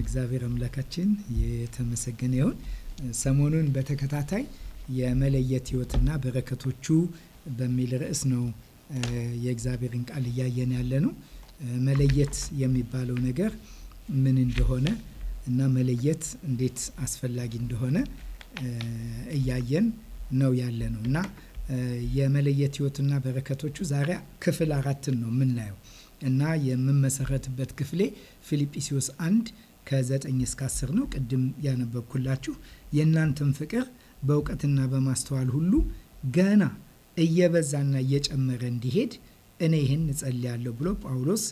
እግዚአብሔር አምላካችን የተመሰገነ ይሁን። ሰሞኑን በተከታታይ የመለየት ህይወትና በረከቶቹ በሚል ርዕስ ነው የእግዚአብሔርን ቃል እያየን ያለ ነው። መለየት የሚባለው ነገር ምን እንደሆነ እና መለየት እንዴት አስፈላጊ እንደሆነ እያየን ነው ያለ ነው እና የመለየት ህይወትና በረከቶቹ ዛሬ ክፍል አራትን ነው የምናየው እና የምመሰረትበት ክፍሌ ፊልጵስዩስ አንድ ከዘጠኝ እስከ አስር ነው። ቅድም ያነበብኩላችሁ የእናንተን ፍቅር በእውቀትና በማስተዋል ሁሉ ገና እየበዛና እየጨመረ እንዲሄድ እኔ ይህን እጸልያለሁ ብሎ ጳውሎስ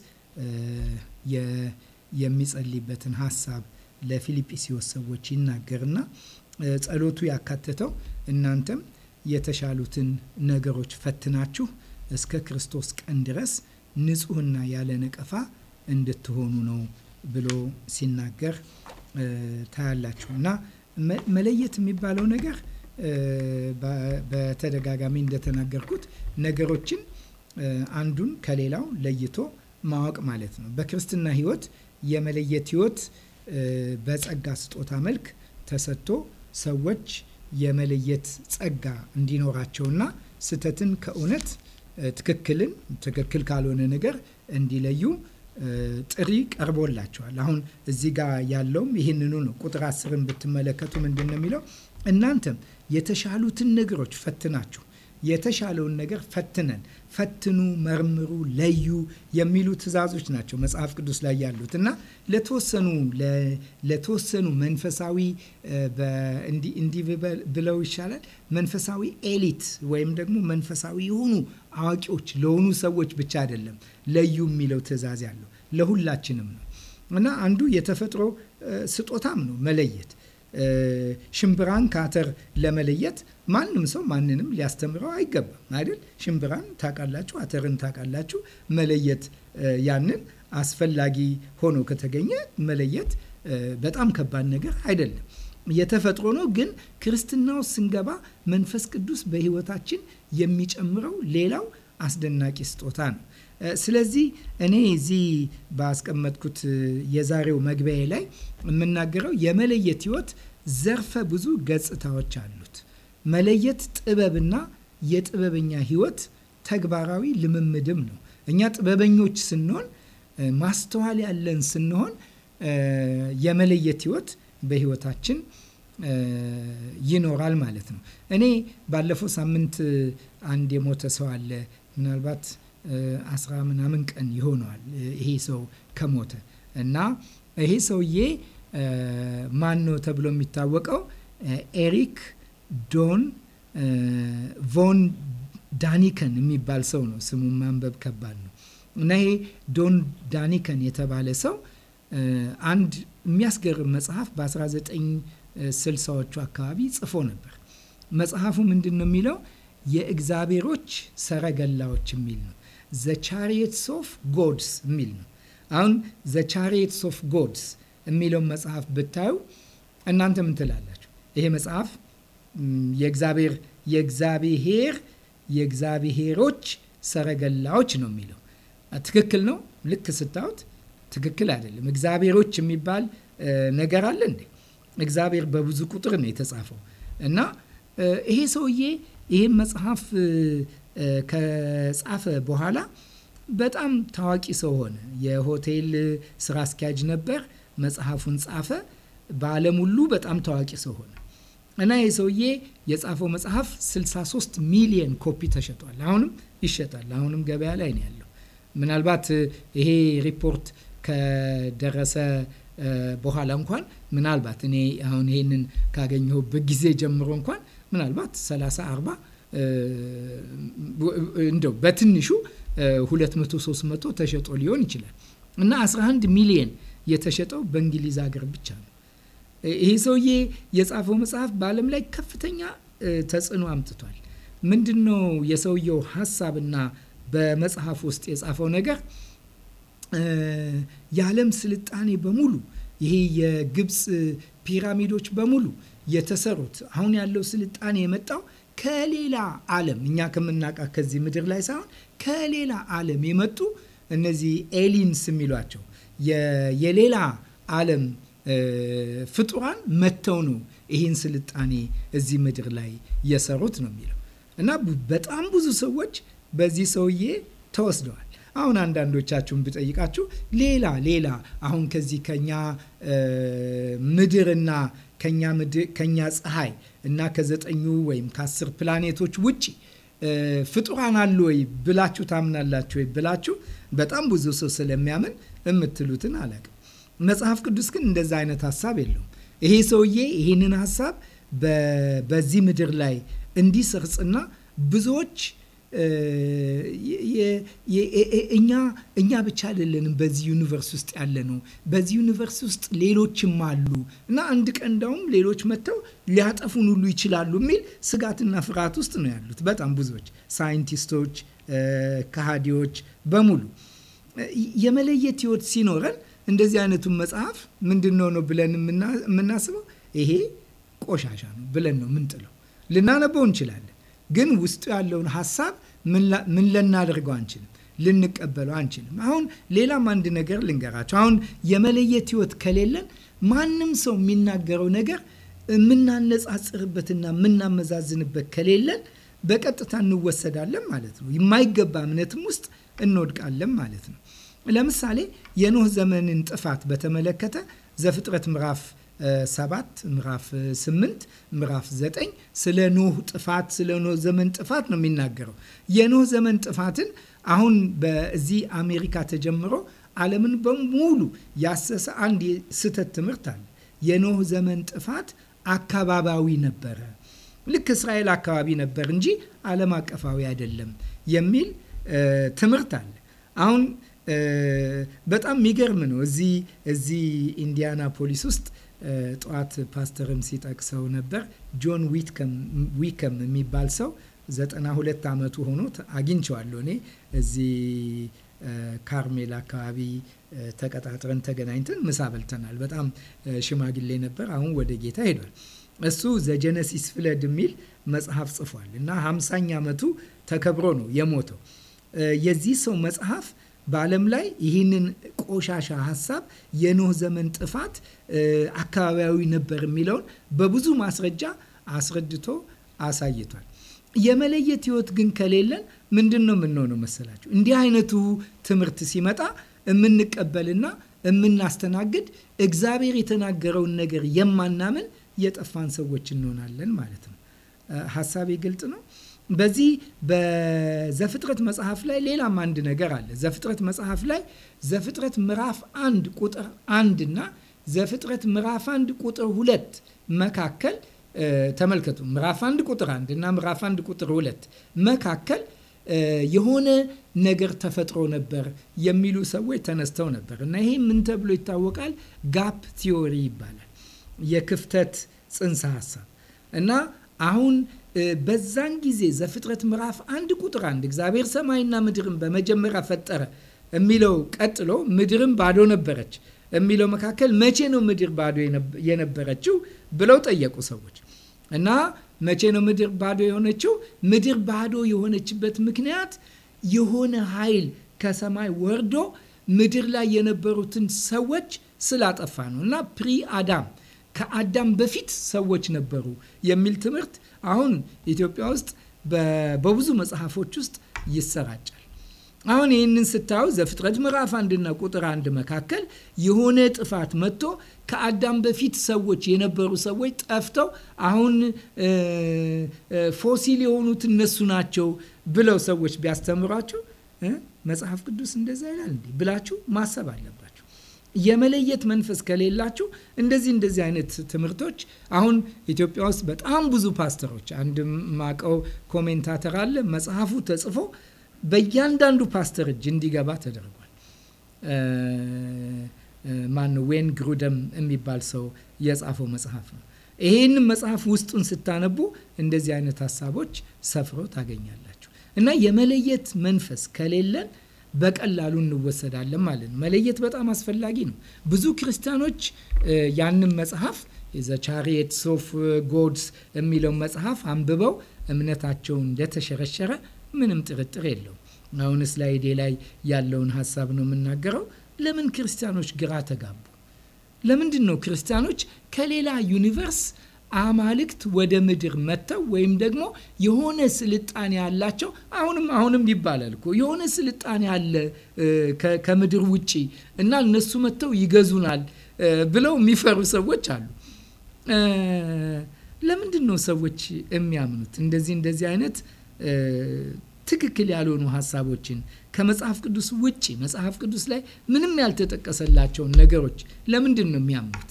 የሚጸልይበትን ሀሳብ ለፊልጵስዩስ ሰዎች ይናገርና ጸሎቱ ያካተተው እናንተም የተሻሉትን ነገሮች ፈትናችሁ እስከ ክርስቶስ ቀን ድረስ ንጹህና ያለ ነቀፋ እንድትሆኑ ነው ብሎ ሲናገር ታያላችሁ። እና መለየት የሚባለው ነገር በተደጋጋሚ እንደተናገርኩት ነገሮችን አንዱን ከሌላው ለይቶ ማወቅ ማለት ነው። በክርስትና ሕይወት የመለየት ሕይወት በጸጋ ስጦታ መልክ ተሰጥቶ ሰዎች የመለየት ጸጋ እንዲኖራቸውና ስህተትን ከእውነት ትክክልን ትክክል ካልሆነ ነገር እንዲለዩ ጥሪ ቀርቦላቸዋል። አሁን እዚህ ጋር ያለውም ይህንኑ ነው። ቁጥር አስርን ብትመለከቱ ምንድን ነው የሚለው? እናንተም የተሻሉትን ነገሮች ፈትናችሁ የተሻለውን ነገር ፈትነን ፈትኑ፣ መርምሩ፣ ለዩ የሚሉ ትእዛዞች ናቸው መጽሐፍ ቅዱስ ላይ ያሉት እና ለተወሰኑ ለተወሰኑ መንፈሳዊ እንዲህ ብለው ይሻላል መንፈሳዊ ኤሊት ወይም ደግሞ መንፈሳዊ የሆኑ አዋቂዎች ለሆኑ ሰዎች ብቻ አይደለም ለዩ የሚለው ትእዛዝ ያለው ለሁላችንም ነው እና አንዱ የተፈጥሮ ስጦታም ነው መለየት ሽምብራን ከአተር ለመለየት ማንም ሰው ማንንም ሊያስተምረው አይገባም አይደል ሽምብራን ታውቃላችሁ አተርን ታውቃላችሁ መለየት ያንን አስፈላጊ ሆኖ ከተገኘ መለየት በጣም ከባድ ነገር አይደለም የተፈጥሮ ነው። ግን ክርስትናው ስንገባ መንፈስ ቅዱስ በህይወታችን የሚጨምረው ሌላው አስደናቂ ስጦታ ነው። ስለዚህ እኔ እዚህ ባስቀመጥኩት የዛሬው መግቢያ ላይ የምናገረው የመለየት ህይወት ዘርፈ ብዙ ገጽታዎች አሉት። መለየት ጥበብና የጥበበኛ ህይወት ተግባራዊ ልምምድም ነው። እኛ ጥበበኞች ስንሆን ማስተዋል ያለን ስንሆን የመለየት ህይወት በህይወታችን ይኖራል ማለት ነው። እኔ ባለፈው ሳምንት አንድ የሞተ ሰው አለ። ምናልባት አስራ ምናምን ቀን ይሆነዋል ይሄ ሰው ከሞተ እና ይሄ ሰውዬ ማን ነው ተብሎ የሚታወቀው ኤሪክ ዶን ቮን ዳኒከን የሚባል ሰው ነው። ስሙን ማንበብ ከባድ ነው እና ይሄ ዶን ዳኒከን የተባለ ሰው አንድ የሚያስገርም መጽሐፍ በ1960ዎቹ አካባቢ ጽፎ ነበር። መጽሐፉ ምንድን ነው የሚለው? የእግዚአብሔሮች ሰረገላዎች የሚል ነው። ዘ ቻሪየትስ ኦፍ ጎድስ የሚል ነው። አሁን ዘ ቻሪየትስ ኦፍ ጎድስ የሚለውን መጽሐፍ ብታዩ እናንተ ምን ትላላችሁ? ይሄ መጽሐፍ የእግዚአብሔር የእግዚአብሔር የእግዚአብሔሮች ሰረገላዎች ነው የሚለው ትክክል ነው። ልክ ስታዩት ትክክል አይደለም። እግዚአብሔሮች የሚባል ነገር አለ እንዴ? እግዚአብሔር በብዙ ቁጥር ነው የተጻፈው እና ይሄ ሰውዬ ይህም መጽሐፍ ከጻፈ በኋላ በጣም ታዋቂ ሰው ሆነ። የሆቴል ስራ አስኪያጅ ነበር። መጽሐፉን ጻፈ። በዓለም ሁሉ በጣም ታዋቂ ሰው ሆነ እና ይህ ሰውዬ የጻፈው መጽሐፍ 63 ሚሊየን ኮፒ ተሸጧል። አሁንም ይሸጣል። አሁንም ገበያ ላይ ነው ያለው። ምናልባት ይሄ ሪፖርት ከደረሰ በኋላ እንኳን ምናልባት እኔ አሁን ይሄንን ካገኘሁበት ጊዜ ጀምሮ እንኳን ምናልባት 30 40 እንደው በትንሹ 200 300 ተሸጦ ሊሆን ይችላል እና 11 ሚሊየን የተሸጠው በእንግሊዝ ሀገር ብቻ ነው። ይሄ ሰውዬ የጻፈው መጽሐፍ በዓለም ላይ ከፍተኛ ተጽዕኖ አምጥቷል። ምንድን ነው የሰውየው ሀሳብና በመጽሐፍ ውስጥ የጻፈው ነገር የዓለም ስልጣኔ በሙሉ ይሄ የግብፅ ፒራሚዶች በሙሉ የተሰሩት አሁን ያለው ስልጣኔ የመጣው ከሌላ ዓለም እኛ ከምናውቃ ከዚህ ምድር ላይ ሳይሆን ከሌላ ዓለም የመጡ እነዚህ ኤሊንስ የሚሏቸው የሌላ ዓለም ፍጡራን መጥተው ነው ይህን ስልጣኔ እዚህ ምድር ላይ የሰሩት ነው የሚለው እና በጣም ብዙ ሰዎች በዚህ ሰውዬ ተወስደዋል። አሁን አንዳንዶቻችሁን ብጠይቃችሁ ሌላ ሌላ አሁን ከዚህ ከኛ ምድርና ከኛ ፀሐይ እና ከዘጠኙ ወይም ከአስር ፕላኔቶች ውጭ ፍጡራን አሉ ወይ ብላችሁ ታምናላችሁ ወይ ብላችሁ በጣም ብዙ ሰው ስለሚያምን የምትሉትን አላቅ። መጽሐፍ ቅዱስ ግን እንደዛ አይነት ሀሳብ የለውም። ይሄ ሰውዬ ይህንን ሀሳብ በዚህ ምድር ላይ እንዲሰርጽና ብዙዎች እኛ እኛ ብቻ አይደለንም በዚህ ዩኒቨርስ ውስጥ ያለ ነው። በዚህ ዩኒቨርስ ውስጥ ሌሎችም አሉ እና አንድ ቀን እንዳውም ሌሎች መጥተው ሊያጠፉን ሁሉ ይችላሉ የሚል ስጋትና ፍርሃት ውስጥ ነው ያሉት በጣም ብዙዎች ሳይንቲስቶች፣ ከሃዲዎች በሙሉ የመለየት ህይወት ሲኖረን እንደዚህ አይነቱን መጽሐፍ ምንድን ነው ብለን የምናስበው ይሄ ቆሻሻ ነው ብለን ነው ምንጥለው። ልናነበው እንችላለን ግን ውስጡ ያለውን ሀሳብ ምን ልናደርገው አንችልም፣ ልንቀበለው አንችልም። አሁን ሌላም አንድ ነገር ልንገራቸው። አሁን የመለየት ህይወት ከሌለን ማንም ሰው የሚናገረው ነገር የምናነጻጽርበትና የምናመዛዝንበት ከሌለን በቀጥታ እንወሰዳለን ማለት ነው። የማይገባ እምነትም ውስጥ እንወድቃለን ማለት ነው። ለምሳሌ የኖህ ዘመንን ጥፋት በተመለከተ ዘፍጥረት ምዕራፍ ሰባት ምዕራፍ 8 ምዕራፍ 9 ስለ ኖህ ጥፋት ስለ ኖህ ዘመን ጥፋት ነው የሚናገረው። የኖህ ዘመን ጥፋትን አሁን በዚህ አሜሪካ ተጀምሮ ዓለምን በሙሉ ያሰሰ አንድ ስህተት ትምህርት አለ። የኖህ ዘመን ጥፋት አካባቢያዊ ነበረ፣ ልክ እስራኤል አካባቢ ነበር እንጂ ዓለም አቀፋዊ አይደለም የሚል ትምህርት አለ። አሁን በጣም የሚገርም ነው። እዚህ እዚህ ኢንዲያናፖሊስ ውስጥ ጠዋት ፓስተርም ሲጠቅሰው ነበር። ጆን ዊከም የሚባል ሰው ዘጠና ሁለት ዓመቱ ሆኖት አግኝቸዋለሁ እኔ እዚህ ካርሜል አካባቢ ተቀጣጥረን ተገናኝተን ምሳ በልተናል። በጣም ሽማግሌ ነበር። አሁን ወደ ጌታ ሄዷል። እሱ ዘጀነሲስ ፍለድ የሚል መጽሐፍ ጽፏል እና ሃምሳኛ ዓመቱ ተከብሮ ነው የሞተው የዚህ ሰው መጽሐፍ በዓለም ላይ ይህንን ቆሻሻ ሀሳብ የኖህ ዘመን ጥፋት አካባቢያዊ ነበር የሚለውን በብዙ ማስረጃ አስረድቶ አሳይቷል። የመለየት ህይወት ግን ከሌለን ምንድን ነው የምንሆነው መሰላችሁ? እንዲህ አይነቱ ትምህርት ሲመጣ የምንቀበልና የምናስተናግድ እግዚአብሔር የተናገረውን ነገር የማናምን የጠፋን ሰዎች እንሆናለን ማለት ነው። ሀሳቤ ግልጽ ነው። በዚህ በዘፍጥረት መጽሐፍ ላይ ሌላም አንድ ነገር አለ። ዘፍጥረት መጽሐፍ ላይ ዘፍጥረት ምዕራፍ አንድ ቁጥር አንድ እና ዘፍጥረት ምዕራፍ አንድ ቁጥር ሁለት መካከል ተመልከቱ። ምዕራፍ አንድ ቁጥር አንድ እና ምዕራፍ አንድ ቁጥር ሁለት መካከል የሆነ ነገር ተፈጥሮ ነበር የሚሉ ሰዎች ተነስተው ነበር እና ይሄ ምን ተብሎ ይታወቃል? ጋፕ ቲዮሪ ይባላል። የክፍተት ጽንሰ ሀሳብ እና አሁን በዛን ጊዜ ዘፍጥረት ምዕራፍ አንድ ቁጥር አንድ እግዚአብሔር ሰማይና ምድርን በመጀመሪያ ፈጠረ የሚለው ቀጥሎ ምድርን ባዶ ነበረች የሚለው መካከል መቼ ነው ምድር ባዶ የነበረችው ብለው ጠየቁ ሰዎች እና መቼ ነው ምድር ባዶ የሆነችው? ምድር ባዶ የሆነችበት ምክንያት የሆነ ኃይል ከሰማይ ወርዶ ምድር ላይ የነበሩትን ሰዎች ስላጠፋ ነው እና ፕሪ አዳም ከአዳም በፊት ሰዎች ነበሩ የሚል ትምህርት አሁን ኢትዮጵያ ውስጥ በብዙ መጽሐፎች ውስጥ ይሰራጫል። አሁን ይህንን ስታዩ ዘፍጥረት ምዕራፍ አንድና ቁጥር አንድ መካከል የሆነ ጥፋት መጥቶ ከአዳም በፊት ሰዎች የነበሩ ሰዎች ጠፍተው አሁን ፎሲል የሆኑት እነሱ ናቸው ብለው ሰዎች ቢያስተምሯቸው መጽሐፍ ቅዱስ እንደዛ ይላል እንዲህ ብላችሁ ማሰብ አለባችሁ። የመለየት መንፈስ ከሌላችሁ እንደዚህ እንደዚህ አይነት ትምህርቶች አሁን ኢትዮጵያ ውስጥ በጣም ብዙ ፓስተሮች፣ አንድ ማቀው ኮሜንታተር አለ መጽሐፉ ተጽፎ በእያንዳንዱ ፓስተር እጅ እንዲገባ ተደርጓል። ማነው ዌን ግሩደም የሚባል ሰው የጻፈው መጽሐፍ ነው። ይሄንም መጽሐፍ ውስጡን ስታነቡ እንደዚህ አይነት ሀሳቦች ሰፍሮ ታገኛላችሁ። እና የመለየት መንፈስ ከሌለን በቀላሉ እንወሰዳለን ማለት ነው። መለየት በጣም አስፈላጊ ነው። ብዙ ክርስቲያኖች ያንን መጽሐፍ ዘ ቻሪየትስ ኦፍ ጎድስ የሚለው መጽሐፍ አንብበው እምነታቸው እንደተሸረሸረ ምንም ጥርጥር የለውም። አሁን ስላይዴ ላይ ያለውን ሀሳብ ነው የምናገረው። ለምን ክርስቲያኖች ግራ ተጋቡ? ለምንድን ነው ክርስቲያኖች ከሌላ ዩኒቨርስ አማልክት ወደ ምድር መጥተው ወይም ደግሞ የሆነ ስልጣኔ ያላቸው አሁንም አሁንም ይባላል እኮ የሆነ ስልጣኔ አለ ከምድር ውጪ እና እነሱ መጥተው ይገዙናል ብለው የሚፈሩ ሰዎች አሉ። ለምንድን ነው ሰዎች የሚያምኑት? እንደዚህ እንደዚህ አይነት ትክክል ያልሆኑ ሀሳቦችን ከመጽሐፍ ቅዱስ ውጪ መጽሐፍ ቅዱስ ላይ ምንም ያልተጠቀሰላቸውን ነገሮች ለምንድን ነው የሚያምኑት?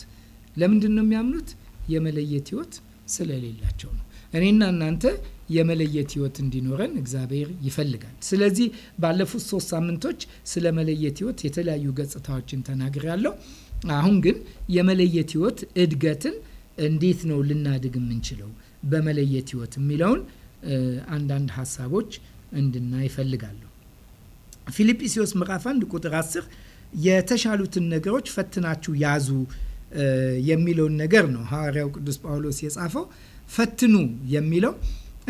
ለምንድን ነው የሚያምኑት? የመለየት ህይወት ስለሌላቸው ነው። እኔና እናንተ የመለየት ህይወት እንዲኖረን እግዚአብሔር ይፈልጋል። ስለዚህ ባለፉት ሶስት ሳምንቶች ስለ መለየት ህይወት የተለያዩ ገጽታዎችን ተናግሬያለሁ። አሁን ግን የመለየት ህይወት እድገትን እንዴት ነው ልናድግ የምንችለው በመለየት ህይወት የሚለውን አንዳንድ ሀሳቦች እንድና እፈልጋለሁ። ፊልጵስዎስ ምዕራፍ 1 ቁጥር 10 የተሻሉትን ነገሮች ፈትናችሁ ያዙ የሚለውን ነገር ነው ሐዋርያው ቅዱስ ጳውሎስ የጻፈው። ፈትኑ የሚለው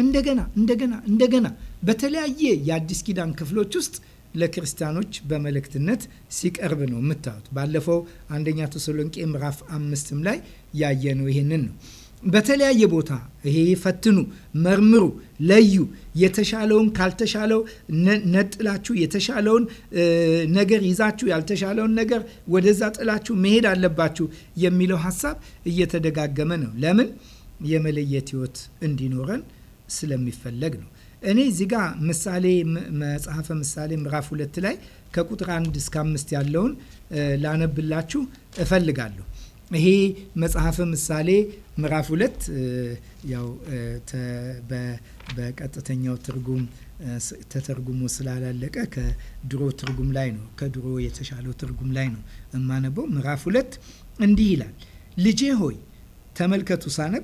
እንደገና እንደገና እንደገና በተለያየ የአዲስ ኪዳን ክፍሎች ውስጥ ለክርስቲያኖች በመልእክትነት ሲቀርብ ነው የምታዩት። ባለፈው አንደኛ ተሰሎንቄ ምዕራፍ አምስትም ላይ ያየነው ይሄንን ነው። በተለያየ ቦታ ይሄ ፈትኑ፣ መርምሩ፣ ለዩ። የተሻለውን ካልተሻለው ነጥላችሁ የተሻለውን ነገር ይዛችሁ ያልተሻለውን ነገር ወደዛ ጥላችሁ መሄድ አለባችሁ የሚለው ሀሳብ እየተደጋገመ ነው። ለምን? የመለየት ህይወት እንዲኖረን ስለሚፈለግ ነው። እኔ እዚህ ጋ ምሳሌ መጽሐፈ ምሳሌ ምዕራፍ ሁለት ላይ ከቁጥር አንድ እስከ አምስት ያለውን ላነብላችሁ እፈልጋለሁ። ይሄ መጽሐፈ ምሳሌ ምዕራፍ ሁለት ያው በቀጥተኛው ትርጉም ተተርጉሞ ስላላለቀ ከድሮ ትርጉም ላይ ነው ከድሮ የተሻለው ትርጉም ላይ ነው እማነበው። ምዕራፍ ሁለት እንዲህ ይላል፣ ልጄ ሆይ ተመልከቱ ሳነብ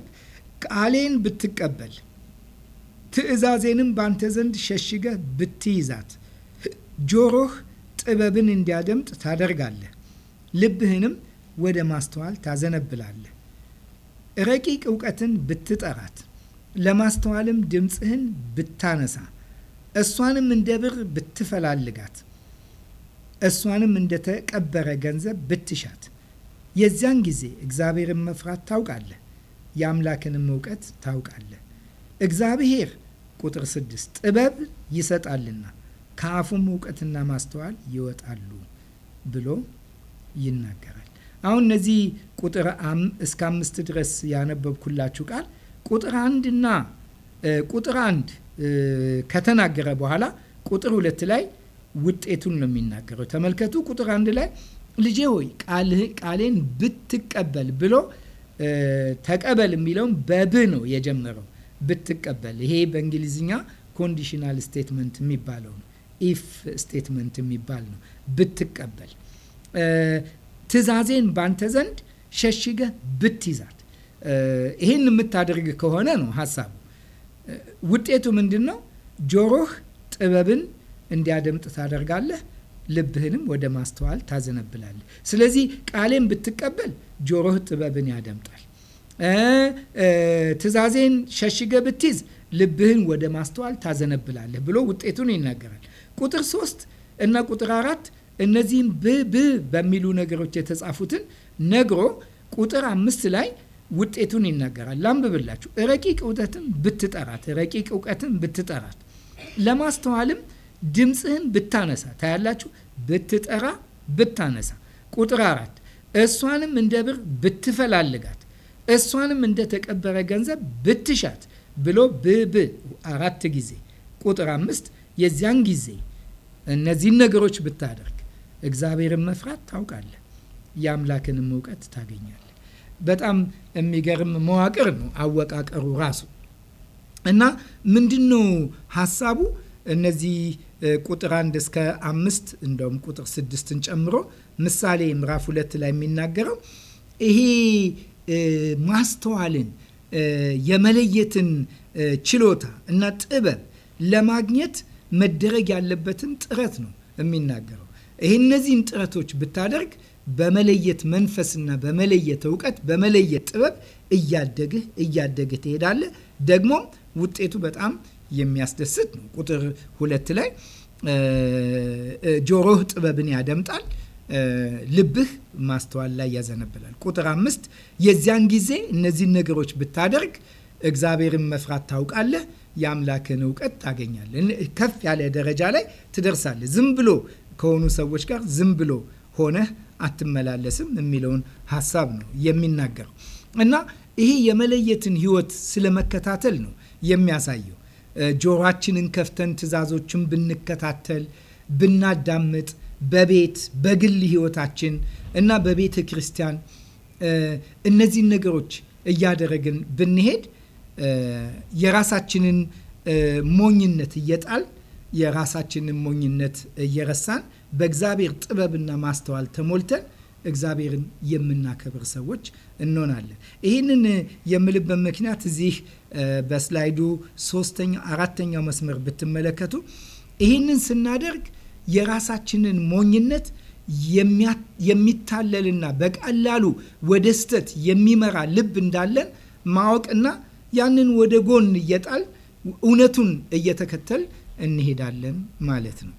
ቃሌን ብትቀበል ትእዛዜንም ባንተ ዘንድ ሸሽገህ ብትይዛት ጆሮህ ጥበብን እንዲያደምጥ ታደርጋለህ ልብህንም ወደ ማስተዋል ታዘነብላለህ። ረቂቅ እውቀትን ብትጠራት፣ ለማስተዋልም ድምፅህን ብታነሳ፣ እሷንም እንደ ብር ብትፈላልጋት፣ እሷንም እንደ ተቀበረ ገንዘብ ብትሻት፣ የዚያን ጊዜ እግዚአብሔርን መፍራት ታውቃለህ፣ የአምላክንም እውቀት ታውቃለህ። እግዚአብሔር ቁጥር ስድስት ጥበብ ይሰጣልና ከአፉም እውቀትና ማስተዋል ይወጣሉ ብሎ ይናገራል። አሁን እነዚህ ቁጥር እስከ አምስት ድረስ ያነበብኩላችሁ ቃል ቁጥር አንድና ቁጥር አንድ ከተናገረ በኋላ ቁጥር ሁለት ላይ ውጤቱን ነው የሚናገረው። ተመልከቱ። ቁጥር አንድ ላይ ልጄ ሆይ ቃሌን ብትቀበል ብሎ ተቀበል የሚለውን በብ ነው የጀመረው። ብትቀበል ይሄ በእንግሊዝኛ ኮንዲሽናል ስቴትመንት የሚባለው ነው። ኢፍ ስቴትመንት የሚባል ነው። ብትቀበል ትእዛዜን ባንተ ዘንድ ሸሽገ ብትይዛት። ይህን የምታደርግ ከሆነ ነው ሀሳቡ። ውጤቱ ምንድን ነው? ጆሮህ ጥበብን እንዲያደምጥ ታደርጋለህ፣ ልብህንም ወደ ማስተዋል ታዘነብላለህ። ስለዚህ ቃሌን ብትቀበል ጆሮህ ጥበብን ያደምጣል። ትእዛዜን ሸሽገ ብትይዝ ልብህን ወደ ማስተዋል ታዘነብላለህ ብሎ ውጤቱን ይናገራል። ቁጥር ሶስት እና ቁጥር አራት እነዚህም ብብ በሚሉ ነገሮች የተጻፉትን ነግሮ ቁጥር አምስት ላይ ውጤቱን ይናገራል። ላንብብላችሁ። ረቂቅ እውቀትን ብትጠራት፣ ረቂቅ እውቀትን ብትጠራት፣ ለማስተዋልም ድምፅህን ብታነሳ፣ ታያላችሁ። ብትጠራ፣ ብታነሳ። ቁጥር አራት እሷንም እንደ ብር ብትፈላልጋት፣ እሷንም እንደ ተቀበረ ገንዘብ ብትሻት ብሎ ብብ አራት ጊዜ ቁጥር አምስት የዚያን ጊዜ እነዚህን ነገሮች ብታደርግ እግዚአብሔርን መፍራት ታውቃለህ፣ የአምላክንም እውቀት ታገኛለህ። በጣም የሚገርም መዋቅር ነው አወቃቀሩ ራሱ እና ምንድን ነው ሀሳቡ? እነዚህ ቁጥር አንድ እስከ አምስት እንደውም ቁጥር ስድስትን ጨምሮ ምሳሌ ምዕራፍ ሁለት ላይ የሚናገረው ይሄ ማስተዋልን የመለየትን ችሎታ እና ጥበብ ለማግኘት መደረግ ያለበትን ጥረት ነው የሚናገረው። ይህ እነዚህን ጥረቶች ብታደርግ በመለየት መንፈስና በመለየት እውቀት በመለየት ጥበብ እያደግህ እያደግህ ትሄዳለህ። ደግሞ ውጤቱ በጣም የሚያስደስት ነው። ቁጥር ሁለት ላይ ጆሮህ ጥበብን ያደምጣል፣ ልብህ ማስተዋል ላይ ያዘነብላል። ቁጥር አምስት የዚያን ጊዜ እነዚህን ነገሮች ብታደርግ እግዚአብሔርን መፍራት ታውቃለህ፣ የአምላክን እውቀት ታገኛለህ። ከፍ ያለ ደረጃ ላይ ትደርሳለህ። ዝም ብሎ ከሆኑ ሰዎች ጋር ዝም ብሎ ሆነህ አትመላለስም የሚለውን ሀሳብ ነው የሚናገረው እና ይሄ የመለየትን ህይወት ስለመከታተል ነው የሚያሳየው። ጆሯችንን ከፍተን ትዛዞችን ብንከታተል ብናዳምጥ በቤት በግል ህይወታችን እና በቤተ ክርስቲያን እነዚህን ነገሮች እያደረግን ብንሄድ የራሳችንን ሞኝነት እየጣል የራሳችንን ሞኝነት እየረሳን በእግዚአብሔር ጥበብና ማስተዋል ተሞልተን እግዚአብሔርን የምናከብር ሰዎች እንሆናለን። ይህንን የምልበት ምክንያት እዚህ በስላይዱ ሶስተኛ አራተኛው መስመር ብትመለከቱ ይህንን ስናደርግ የራሳችንን ሞኝነት የሚታለልና በቀላሉ ወደ ስተት የሚመራ ልብ እንዳለን ማወቅና ያንን ወደ ጎን እየጣል እውነቱን እየተከተል እንሄዳለን ማለት ነው።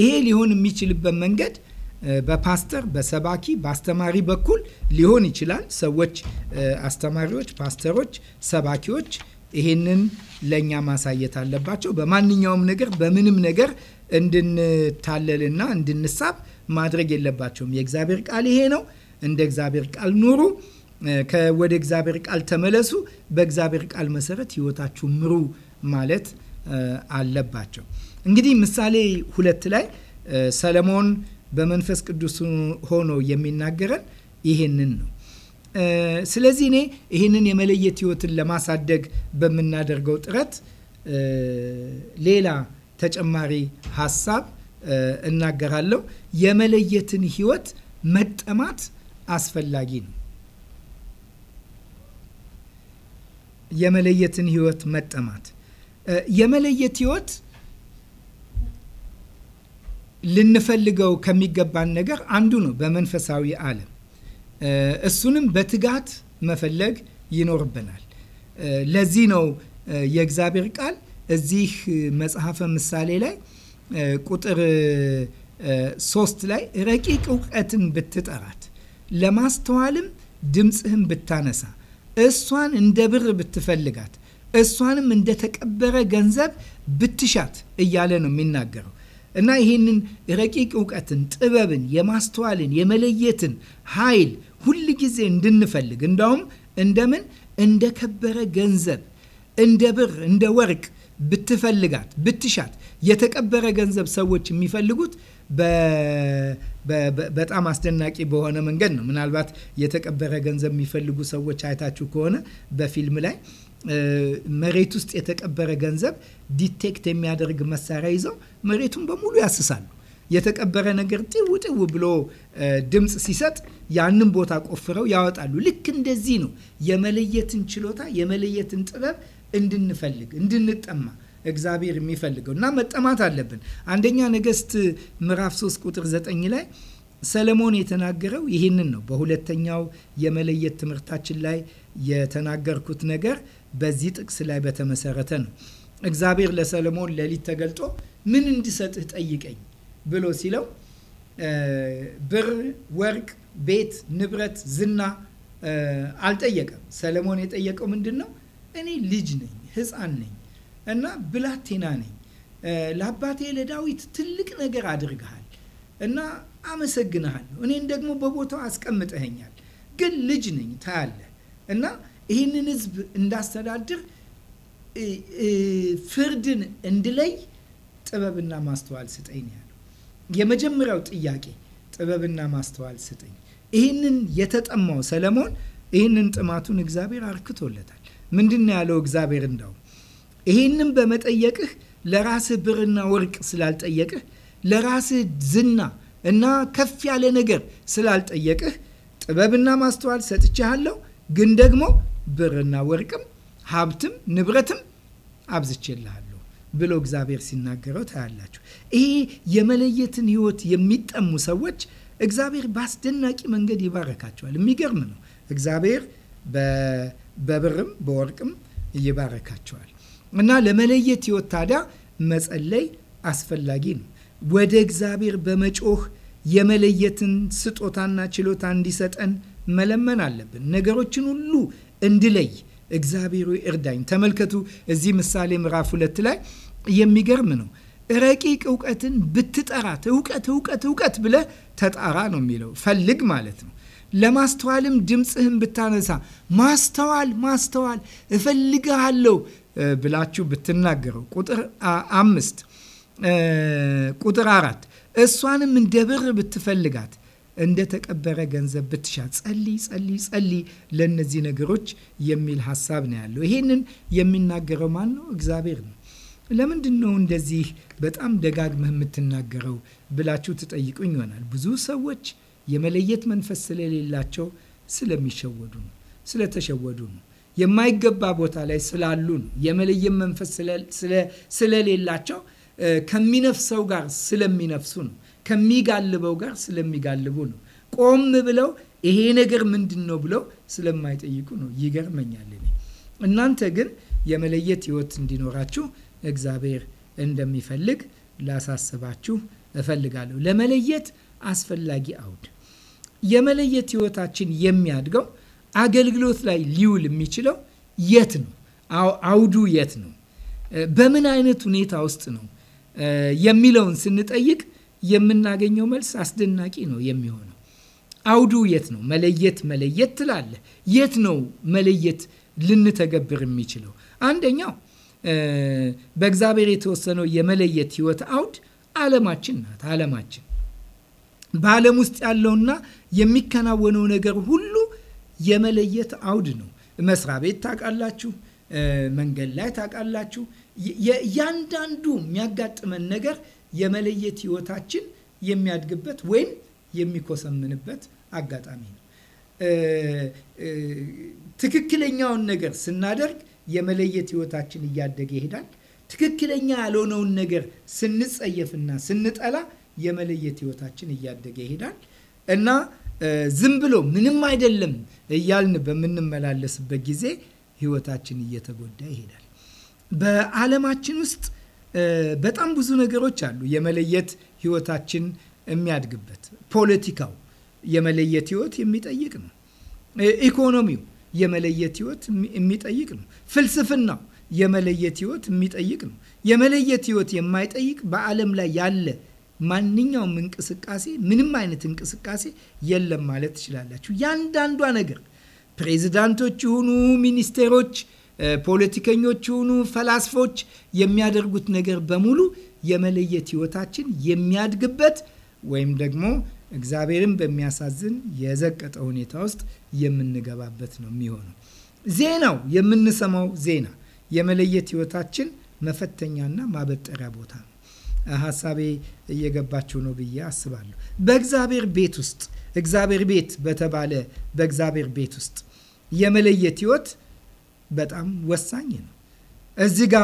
ይሄ ሊሆን የሚችልበት መንገድ በፓስተር በሰባኪ በአስተማሪ በኩል ሊሆን ይችላል። ሰዎች፣ አስተማሪዎች፣ ፓስተሮች፣ ሰባኪዎች ይሄንን ለእኛ ማሳየት አለባቸው። በማንኛውም ነገር በምንም ነገር እንድንታለልና እንድንሳብ ማድረግ የለባቸውም። የእግዚአብሔር ቃል ይሄ ነው። እንደ እግዚአብሔር ቃል ኑሩ። ወደ እግዚአብሔር ቃል ተመለሱ፣ በእግዚአብሔር ቃል መሰረት ህይወታችሁ ምሩ ማለት አለባቸው። እንግዲህ ምሳሌ ሁለት ላይ ሰለሞን በመንፈስ ቅዱስ ሆኖ የሚናገረን ይሄንን ነው። ስለዚህ እኔ ይህንን የመለየት ህይወትን ለማሳደግ በምናደርገው ጥረት ሌላ ተጨማሪ ሀሳብ እናገራለሁ። የመለየትን ህይወት መጠማት አስፈላጊ ነው። የመለየትን ህይወት መጠማት የመለየት ህይወት ልንፈልገው ከሚገባን ነገር አንዱ ነው። በመንፈሳዊ ዓለም እሱንም በትጋት መፈለግ ይኖርብናል። ለዚህ ነው የእግዚአብሔር ቃል እዚህ መጽሐፈ ምሳሌ ላይ ቁጥር ሶስት ላይ ረቂቅ እውቀትን ብትጠራት ለማስተዋልም ድምፅህን ብታነሳ እሷን እንደ ብር ብትፈልጋት እሷንም እንደ ተቀበረ ገንዘብ ብትሻት እያለ ነው የሚናገረው እና ይህንን ረቂቅ እውቀትን፣ ጥበብን፣ የማስተዋልን፣ የመለየትን ኃይል ሁል ጊዜ እንድንፈልግ እንዳውም እንደምን እንደ ከበረ ገንዘብ እንደ ብር እንደ ወርቅ ብትፈልጋት ብትሻት የተቀበረ ገንዘብ ሰዎች የሚፈልጉት በጣም አስደናቂ በሆነ መንገድ ነው። ምናልባት የተቀበረ ገንዘብ የሚፈልጉ ሰዎች አይታችሁ ከሆነ በፊልም ላይ መሬት ውስጥ የተቀበረ ገንዘብ ዲቴክት የሚያደርግ መሳሪያ ይዘው መሬቱን በሙሉ ያስሳሉ። የተቀበረ ነገር ጥው ጥው ብሎ ድምፅ ሲሰጥ ያንን ቦታ ቆፍረው ያወጣሉ። ልክ እንደዚህ ነው የመለየትን ችሎታ የመለየትን ጥበብ እንድንፈልግ እንድንጠማ እግዚአብሔር የሚፈልገው እና መጠማት አለብን። አንደኛ ነገስት ምዕራፍ 3 ቁጥር 9 ላይ ሰለሞን የተናገረው ይህንን ነው። በሁለተኛው የመለየት ትምህርታችን ላይ የተናገርኩት ነገር በዚህ ጥቅስ ላይ በተመሰረተ ነው። እግዚአብሔር ለሰለሞን ሌሊት ተገልጦ ምን እንድሰጥህ ጠይቀኝ ብሎ ሲለው ብር፣ ወርቅ፣ ቤት፣ ንብረት፣ ዝና አልጠየቀም። ሰለሞን የጠየቀው ምንድን ነው? እኔ ልጅ ነኝ፣ ህፃን ነኝ እና ብላቴና ነኝ ለአባቴ ለዳዊት ትልቅ ነገር አድርገሃል እና አመሰግንሃለሁ። እኔን ደግሞ በቦታው አስቀምጠኸኛል። ግን ልጅ ነኝ ታያለህ እና ይህንን ህዝብ እንዳስተዳድር ፍርድን እንድለይ ጥበብና ማስተዋል ስጠኝ ያለው። የመጀመሪያው ጥያቄ ጥበብና ማስተዋል ስጠኝ። ይህንን የተጠማው ሰለሞን ይህንን ጥማቱን እግዚአብሔር አርክቶለታል። ምንድን ነው ያለው እግዚአብሔር እንዳውም ይህንም በመጠየቅህ ለራስህ ብርና ወርቅ ስላልጠየቅህ፣ ለራስህ ዝና እና ከፍ ያለ ነገር ስላልጠየቅህ ጥበብና ማስተዋል ሰጥቼሃለሁ፣ ግን ደግሞ ብርና ወርቅም ሀብትም ንብረትም አብዝቼልሃለሁ ብሎ እግዚአብሔር ሲናገረው ታያላችሁ። ይሄ የመለየትን ህይወት የሚጠሙ ሰዎች እግዚአብሔር በአስደናቂ መንገድ ይባረካቸዋል። የሚገርም ነው። እግዚአብሔር በብርም በወርቅም ይባረካቸዋል። እና ለመለየት ህይወት ታዲያ መጸለይ አስፈላጊ ነው። ወደ እግዚአብሔር በመጮህ የመለየትን ስጦታና ችሎታ እንዲሰጠን መለመን አለብን። ነገሮችን ሁሉ እንድለይ እግዚአብሔሩ እርዳኝ። ተመልከቱ እዚህ ምሳሌ ምዕራፍ ሁለት ላይ የሚገርም ነው። ረቂቅ እውቀትን ብትጠራት እውቀት እውቀት እውቀት ብለ ተጣራ ነው የሚለው ፈልግ ማለት ነው። ለማስተዋልም ድምፅህን ብታነሳ ማስተዋል ማስተዋል እፈልግሃለሁ ብላችሁ ብትናገረው ቁጥር አምስት ቁጥር አራት እሷንም እንደ ብር ብትፈልጋት እንደ ተቀበረ ገንዘብ ብትሻ ጸልይ ጸልይ ጸልይ ለእነዚህ ነገሮች የሚል ሀሳብ ነው ያለው። ይሄንን የሚናገረው ማን ነው? እግዚአብሔር ነው። ለምንድን ነው እንደዚህ በጣም ደጋግመህ የምትናገረው ብላችሁ ትጠይቁኝ ይሆናል። ብዙ ሰዎች የመለየት መንፈስ ስለሌላቸው ስለሚሸወዱ ነው፣ ስለተሸወዱ ነው። የማይገባ ቦታ ላይ ስላሉ ነው። የመለየም መንፈስ ስለሌላቸው ከሚነፍሰው ጋር ስለሚነፍሱ ነው። ከሚጋልበው ጋር ስለሚጋልቡ ነው። ቆም ብለው ይሄ ነገር ምንድን ነው ብለው ስለማይጠይቁ ነው። ይገርመኛል። እናንተ ግን የመለየት ህይወት እንዲኖራችሁ እግዚአብሔር እንደሚፈልግ ላሳስባችሁ እፈልጋለሁ። ለመለየት አስፈላጊ አውድ የመለየት ህይወታችን የሚያድገው አገልግሎት ላይ ሊውል የሚችለው የት ነው? አውዱ የት ነው? በምን አይነት ሁኔታ ውስጥ ነው የሚለውን ስንጠይቅ የምናገኘው መልስ አስደናቂ ነው የሚሆነው። አውዱ የት ነው? መለየት መለየት ትላለህ። የት ነው መለየት ልንተገብር የሚችለው? አንደኛው በእግዚአብሔር የተወሰነው የመለየት ህይወት አውድ ዓለማችን ናት። ዓለማችን በዓለም ውስጥ ያለውና የሚከናወነው ነገር ሁሉ የመለየት አውድ ነው። መስሪያ ቤት ታውቃላችሁ፣ መንገድ ላይ ታውቃላችሁ። እያንዳንዱ የሚያጋጥመን ነገር የመለየት ህይወታችን የሚያድግበት ወይም የሚኮሰምንበት አጋጣሚ ነው። ትክክለኛውን ነገር ስናደርግ የመለየት ህይወታችን እያደገ ይሄዳል። ትክክለኛ ያልሆነውን ነገር ስንጸየፍና ስንጠላ የመለየት ህይወታችን እያደገ ይሄዳል እና ዝም ብሎ ምንም አይደለም እያልን በምንመላለስበት ጊዜ ህይወታችን እየተጎዳ ይሄዳል። በዓለማችን ውስጥ በጣም ብዙ ነገሮች አሉ የመለየት ህይወታችን የሚያድግበት። ፖለቲካው የመለየት ህይወት የሚጠይቅ ነው። ኢኮኖሚው የመለየት ህይወት የሚጠይቅ ነው። ፍልስፍናው የመለየት ህይወት የሚጠይቅ ነው። የመለየት ህይወት የማይጠይቅ በዓለም ላይ ያለ ማንኛውም እንቅስቃሴ ምንም አይነት እንቅስቃሴ የለም ማለት ትችላላችሁ። ያንዳንዷ ነገር ፕሬዚዳንቶች ይሁኑ ሚኒስቴሮች፣ ፖለቲከኞች ይሁኑ ፈላስፎች የሚያደርጉት ነገር በሙሉ የመለየት ህይወታችን የሚያድግበት ወይም ደግሞ እግዚአብሔርን በሚያሳዝን የዘቀጠ ሁኔታ ውስጥ የምንገባበት ነው የሚሆነው። ዜናው የምንሰማው ዜና የመለየት ህይወታችን መፈተኛና ማበጠሪያ ቦታ ነው። ሀሳቤ እየገባችሁ ነው ብዬ አስባለሁ። በእግዚአብሔር ቤት ውስጥ እግዚአብሔር ቤት በተባለ በእግዚአብሔር ቤት ውስጥ የመለየት ህይወት በጣም ወሳኝ ነው። እዚህ ጋ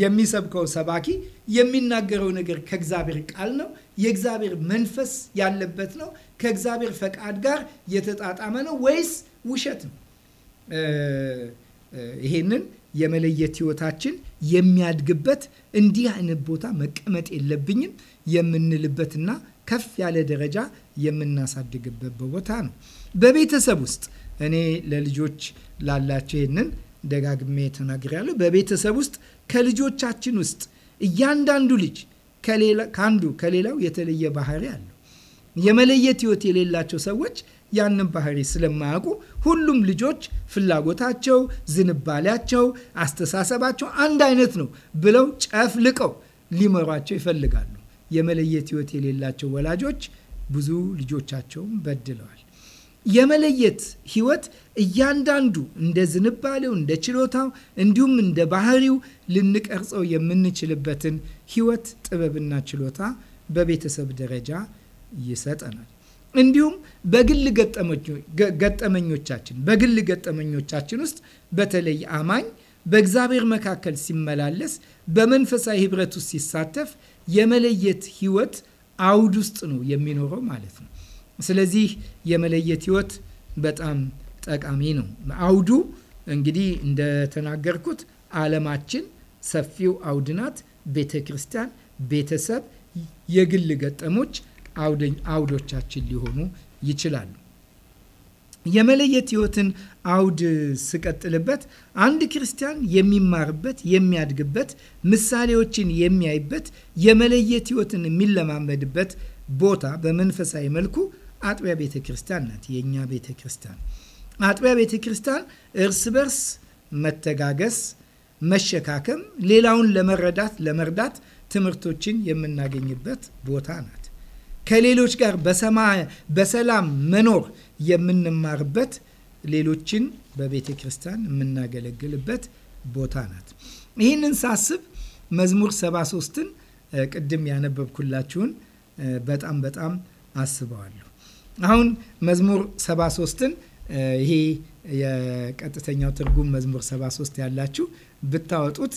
የሚሰብከው ሰባኪ የሚናገረው ነገር ከእግዚአብሔር ቃል ነው። የእግዚአብሔር መንፈስ ያለበት ነው። ከእግዚአብሔር ፈቃድ ጋር የተጣጣመ ነው ወይስ ውሸት ነው? ይሄንን የመለየት ህይወታችን የሚያድግበት እንዲህ አይነት ቦታ መቀመጥ የለብኝም የምንልበትና ከፍ ያለ ደረጃ የምናሳድግበት ቦታ ነው። በቤተሰብ ውስጥ እኔ ለልጆች ላላቸው ይህንን ደጋግሜ ተናግሬያለሁ። በቤተሰብ ውስጥ ከልጆቻችን ውስጥ እያንዳንዱ ልጅ ከአንዱ ከሌላው የተለየ ባህሪ አለው። የመለየት ህይወት የሌላቸው ሰዎች ያንን ባህሪ ስለማያውቁ ሁሉም ልጆች ፍላጎታቸው፣ ዝንባሌያቸው፣ አስተሳሰባቸው አንድ አይነት ነው ብለው ጨፍልቀው ሊመሯቸው ይፈልጋሉ። የመለየት ህይወት የሌላቸው ወላጆች ብዙ ልጆቻቸውን በድለዋል። የመለየት ህይወት እያንዳንዱ እንደ ዝንባሌው፣ እንደ ችሎታው እንዲሁም እንደ ባህሪው ልንቀርጸው የምንችልበትን ህይወት ጥበብና ችሎታ በቤተሰብ ደረጃ ይሰጠናል። እንዲሁም በግል ገጠመኞቻችን በግል ገጠመኞቻችን ውስጥ በተለይ አማኝ በእግዚአብሔር መካከል ሲመላለስ በመንፈሳዊ ህብረት ውስጥ ሲሳተፍ የመለየት ህይወት አውድ ውስጥ ነው የሚኖረው ማለት ነው። ስለዚህ የመለየት ህይወት በጣም ጠቃሚ ነው። አውዱ እንግዲህ እንደተናገርኩት ዓለማችን ሰፊው አውድ ናት። ቤተ ክርስቲያን፣ ቤተሰብ፣ የግል ገጠሞች አውዶቻችን ሊሆኑ ይችላሉ። የመለየት ህይወትን አውድ ስቀጥልበት አንድ ክርስቲያን የሚማርበት የሚያድግበት፣ ምሳሌዎችን የሚያይበት፣ የመለየት ህይወትን የሚለማመድበት ቦታ በመንፈሳዊ መልኩ አጥቢያ ቤተ ክርስቲያን ናት። የእኛ ቤተ ክርስቲያን አጥቢያ ቤተ ክርስቲያን እርስ በርስ መተጋገስ፣ መሸካከም፣ ሌላውን ለመረዳት ለመርዳት ትምህርቶችን የምናገኝበት ቦታ ናት። ከሌሎች ጋር በሰላም መኖር የምንማርበት ሌሎችን በቤተ ክርስቲያን የምናገለግልበት ቦታ ናት። ይህንን ሳስብ መዝሙር 73ን ቅድም ያነበብኩላችሁን በጣም በጣም አስበዋለሁ። አሁን መዝሙር 73ን ይሄ የቀጥተኛው ትርጉም መዝሙር 73 ያላችሁ ብታወጡት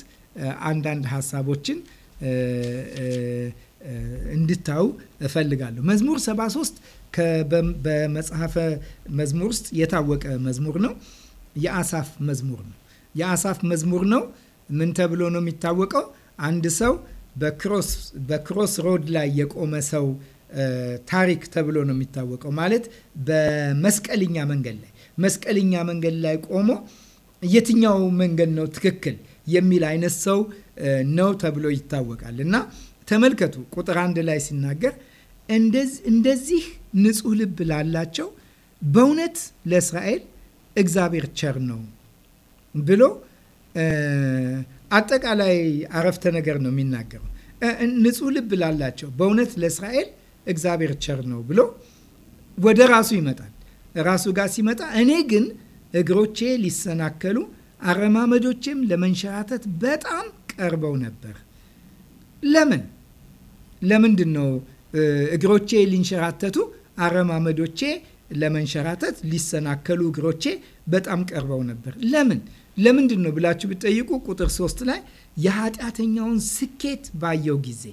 አንዳንድ ሀሳቦችን እንድታው እፈልጋለሁ። መዝሙር 73 በመጽሐፈ መዝሙር ውስጥ የታወቀ መዝሙር ነው። የአሳፍ መዝሙር ነው። የአሳፍ መዝሙር ነው። ምን ተብሎ ነው የሚታወቀው? አንድ ሰው በክሮስ ሮድ ላይ የቆመ ሰው ታሪክ ተብሎ ነው የሚታወቀው። ማለት በመስቀልኛ መንገድ ላይ መስቀልኛ መንገድ ላይ ቆሞ የትኛው መንገድ ነው ትክክል የሚል አይነት ሰው ነው ተብሎ ይታወቃል እና ተመልከቱ ቁጥር አንድ ላይ ሲናገር እንደዚህ ንጹህ ልብ ላላቸው በእውነት ለእስራኤል እግዚአብሔር ቸር ነው ብሎ አጠቃላይ አረፍተ ነገር ነው የሚናገረው። ንጹህ ልብ ላላቸው በእውነት ለእስራኤል እግዚአብሔር ቸር ነው ብሎ ወደ ራሱ ይመጣል። ራሱ ጋር ሲመጣ እኔ ግን እግሮቼ ሊሰናከሉ አረማመዶቼም ለመንሸራተት በጣም ቀርበው ነበር። ለምን ለምንድን ነው እግሮቼ ሊንሸራተቱ አረማመዶቼ ለመንሸራተት ሊሰናከሉ እግሮቼ በጣም ቀርበው ነበር። ለምን ለምንድን ነው ብላችሁ ብትጠይቁ ቁጥር ሶስት ላይ የኃጢአተኛውን ስኬት ባየው ጊዜ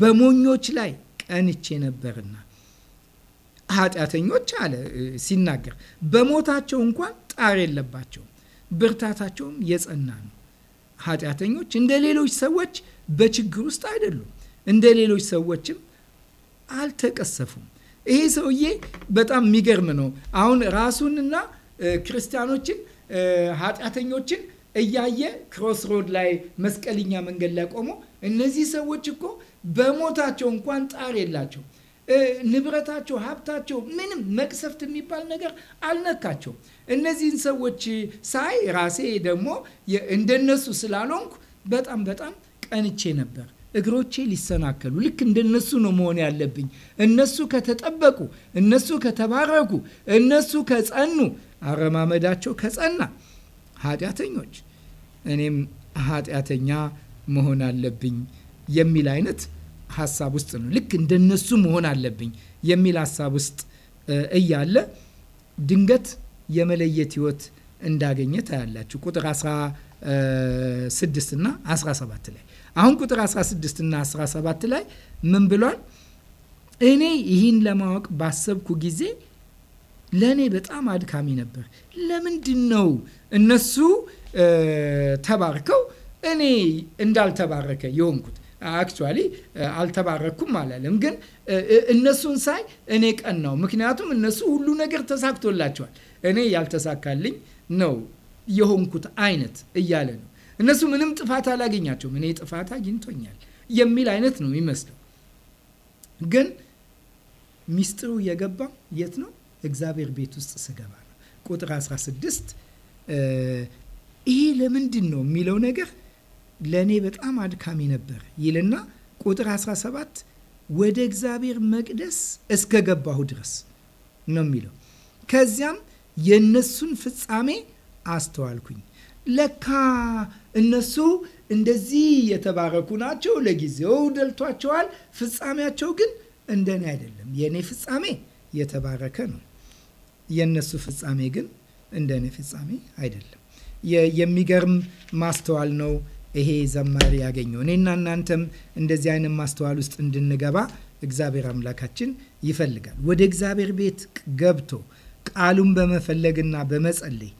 በሞኞች ላይ ቀንቼ ነበርና ኃጢአተኞች አለ ሲናገር በሞታቸው እንኳን ጣር የለባቸውም፣ ብርታታቸውም የጸና ነው። ኃጢአተኞች እንደ ሌሎች ሰዎች በችግር ውስጥ አይደሉም። እንደ ሌሎች ሰዎችም አልተቀሰፉም። ይሄ ሰውዬ በጣም የሚገርም ነው። አሁን ራሱንና ክርስቲያኖችን ኃጢአተኞችን እያየ ክሮስ ሮድ ላይ መስቀልኛ መንገድ ላይ ቆሞ እነዚህ ሰዎች እኮ በሞታቸው እንኳን ጣር የላቸው ንብረታቸው፣ ሀብታቸው ምንም መቅሰፍት የሚባል ነገር አልነካቸው። እነዚህን ሰዎች ሳይ ራሴ ደግሞ እንደነሱ ስላልሆንኩ በጣም በጣም ቀንቼ ነበር። እግሮቼ ሊሰናከሉ ልክ እንደነሱ ነው መሆን ያለብኝ። እነሱ ከተጠበቁ፣ እነሱ ከተባረኩ፣ እነሱ ከጸኑ፣ አረማመዳቸው ከጸና ኃጢአተኞች እኔም ኃጢአተኛ መሆን አለብኝ የሚል አይነት ሀሳብ ውስጥ ነው። ልክ እንደነሱ መሆን አለብኝ የሚል ሀሳብ ውስጥ እያለ ድንገት የመለየት ህይወት እንዳገኘ ታያላችሁ ቁጥር 16 እና 17 ላይ አሁን ቁጥር 16 እና 17 ላይ ምን ብሏል? እኔ ይህን ለማወቅ ባሰብኩ ጊዜ ለእኔ በጣም አድካሚ ነበር። ለምንድን ነው እነሱ ተባርከው እኔ እንዳልተባረከ የሆንኩት? አክቹዋሊ አልተባረኩም አላለም፣ ግን እነሱን ሳይ እኔ ቀን ነው ምክንያቱም እነሱ ሁሉ ነገር ተሳክቶላቸዋል፣ እኔ ያልተሳካልኝ ነው የሆንኩት አይነት እያለ ነው እነሱ ምንም ጥፋት አላገኛቸውም፣ እኔ ጥፋት አግኝቶኛል የሚል አይነት ነው የሚመስለው። ግን ሚስጥሩ የገባ የት ነው? እግዚአብሔር ቤት ውስጥ ስገባ ነው። ቁጥር 16 ይሄ ለምንድን ነው የሚለው ነገር ለእኔ በጣም አድካሚ ነበር ይልና ቁጥር 17 ወደ እግዚአብሔር መቅደስ እስከገባሁ ድረስ ነው የሚለው። ከዚያም የእነሱን ፍጻሜ አስተዋልኩኝ ለካ እነሱ እንደዚህ የተባረኩ ናቸው። ለጊዜው ደልቷቸዋል። ፍጻሜያቸው ግን እንደኔ አይደለም። የእኔ ፍጻሜ የተባረከ ነው። የእነሱ ፍጻሜ ግን እንደኔ ፍጻሜ አይደለም። የሚገርም ማስተዋል ነው ይሄ ዘማሪ ያገኘው። እኔና እናንተም እንደዚህ አይነት ማስተዋል ውስጥ እንድንገባ እግዚአብሔር አምላካችን ይፈልጋል። ወደ እግዚአብሔር ቤት ገብቶ ቃሉን በመፈለግና በመጸለይ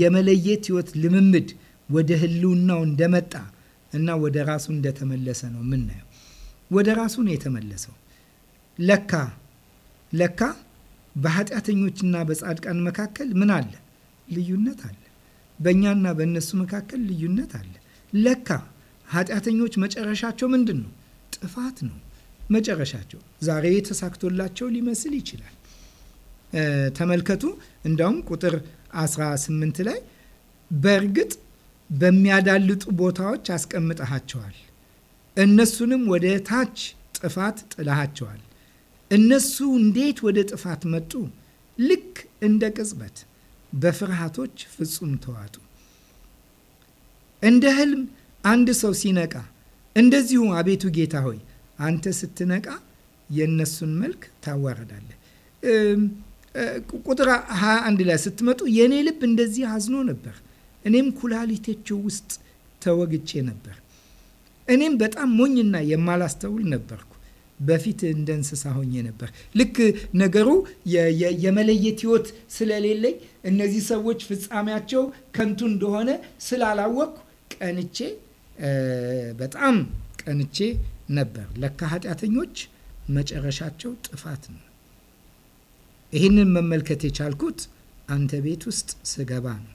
የመለየት ህይወት ልምምድ ወደ ህልውናው እንደመጣ እና ወደ ራሱ እንደተመለሰ ነው የምናየው። ወደ ራሱ ነው የተመለሰው። ለካ ለካ በኃጢአተኞችና በጻድቃን መካከል ምን አለ? ልዩነት አለ። በእኛና በእነሱ መካከል ልዩነት አለ። ለካ ኃጢአተኞች መጨረሻቸው ምንድን ነው? ጥፋት ነው መጨረሻቸው። ዛሬ ተሳክቶላቸው ሊመስል ይችላል። ተመልከቱ። እንዳውም ቁጥር 18 ላይ በእርግጥ በሚያዳልጡ ቦታዎች አስቀምጠሃቸዋል፣ እነሱንም ወደ ታች ጥፋት ጥለሃቸዋል። እነሱ እንዴት ወደ ጥፋት መጡ? ልክ እንደ ቅጽበት በፍርሃቶች ፍጹም ተዋጡ። እንደ ህልም አንድ ሰው ሲነቃ እንደዚሁ አቤቱ ጌታ ሆይ አንተ ስትነቃ የእነሱን መልክ ታዋረዳለህ። ቁጥር 21 ላይ ስትመጡ የእኔ ልብ እንደዚህ አዝኖ ነበር፣ እኔም ኩላሊቴቸው ውስጥ ተወግቼ ነበር። እኔም በጣም ሞኝና የማላስተውል ነበርኩ። በፊት እንደ እንስሳ ሆኜ ነበር። ልክ ነገሩ የመለየት ህይወት ስለሌለኝ እነዚህ ሰዎች ፍጻሜያቸው ከንቱ እንደሆነ ስላላወቅኩ ቀንቼ፣ በጣም ቀንቼ ነበር። ለካ ኃጢአተኞች መጨረሻቸው ጥፋት ነው። ይህንን መመልከት የቻልኩት አንተ ቤት ውስጥ ስገባ ነው።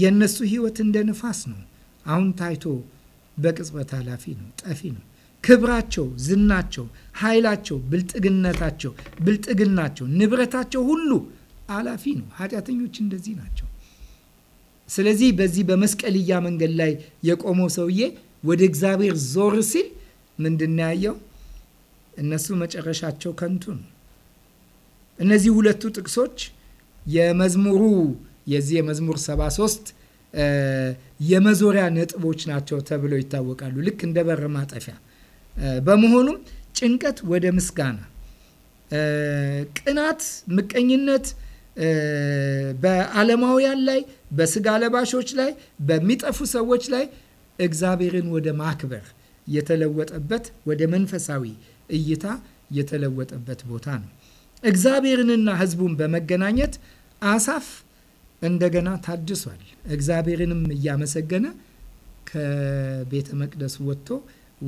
የእነሱ ህይወት እንደ ንፋስ ነው። አሁን ታይቶ በቅጽበት ኃላፊ ነው፣ ጠፊ ነው። ክብራቸው፣ ዝናቸው፣ ኃይላቸው፣ ብልጥግነታቸው ብልጥግናቸው፣ ንብረታቸው ሁሉ አላፊ ነው። ኃጢአተኞች እንደዚህ ናቸው። ስለዚህ በዚህ በመስቀልያ መንገድ ላይ የቆመው ሰውዬ ወደ እግዚአብሔር ዞር ሲል ምንድን ያየው? እነሱ መጨረሻቸው ከንቱ ነው። እነዚህ ሁለቱ ጥቅሶች የመዝሙሩ የዚህ የመዝሙር 73 የመዞሪያ ነጥቦች ናቸው ተብለው ይታወቃሉ። ልክ እንደ በር ማጠፊያ በመሆኑም ጭንቀት ወደ ምስጋና፣ ቅናት፣ ምቀኝነት በዓለማውያን ላይ፣ በስጋ ለባሾች ላይ፣ በሚጠፉ ሰዎች ላይ እግዚአብሔርን ወደ ማክበር የተለወጠበት ወደ መንፈሳዊ እይታ የተለወጠበት ቦታ ነው። እግዚአብሔርንና ሕዝቡን በመገናኘት አሳፍ እንደገና ታድሷል። እግዚአብሔርንም እያመሰገነ ከቤተ መቅደስ ወጥቶ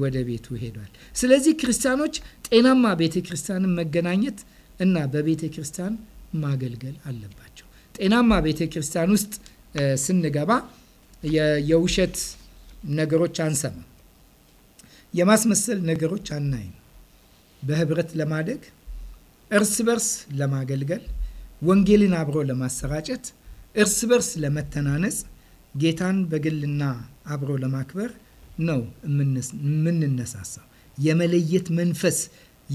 ወደ ቤቱ ሄዷል። ስለዚህ ክርስቲያኖች ጤናማ ቤተ ክርስቲያንን መገናኘት እና በቤተ ክርስቲያን ማገልገል አለባቸው። ጤናማ ቤተ ክርስቲያን ውስጥ ስንገባ የውሸት ነገሮች አንሰማም፣ የማስመሰል ነገሮች አናይም። በህብረት ለማደግ እርስ በርስ ለማገልገል፣ ወንጌልን አብሮ ለማሰራጨት፣ እርስ በርስ ለመተናነጽ፣ ጌታን በግልና አብሮ ለማክበር ነው የምንነሳሳው። የመለየት መንፈስ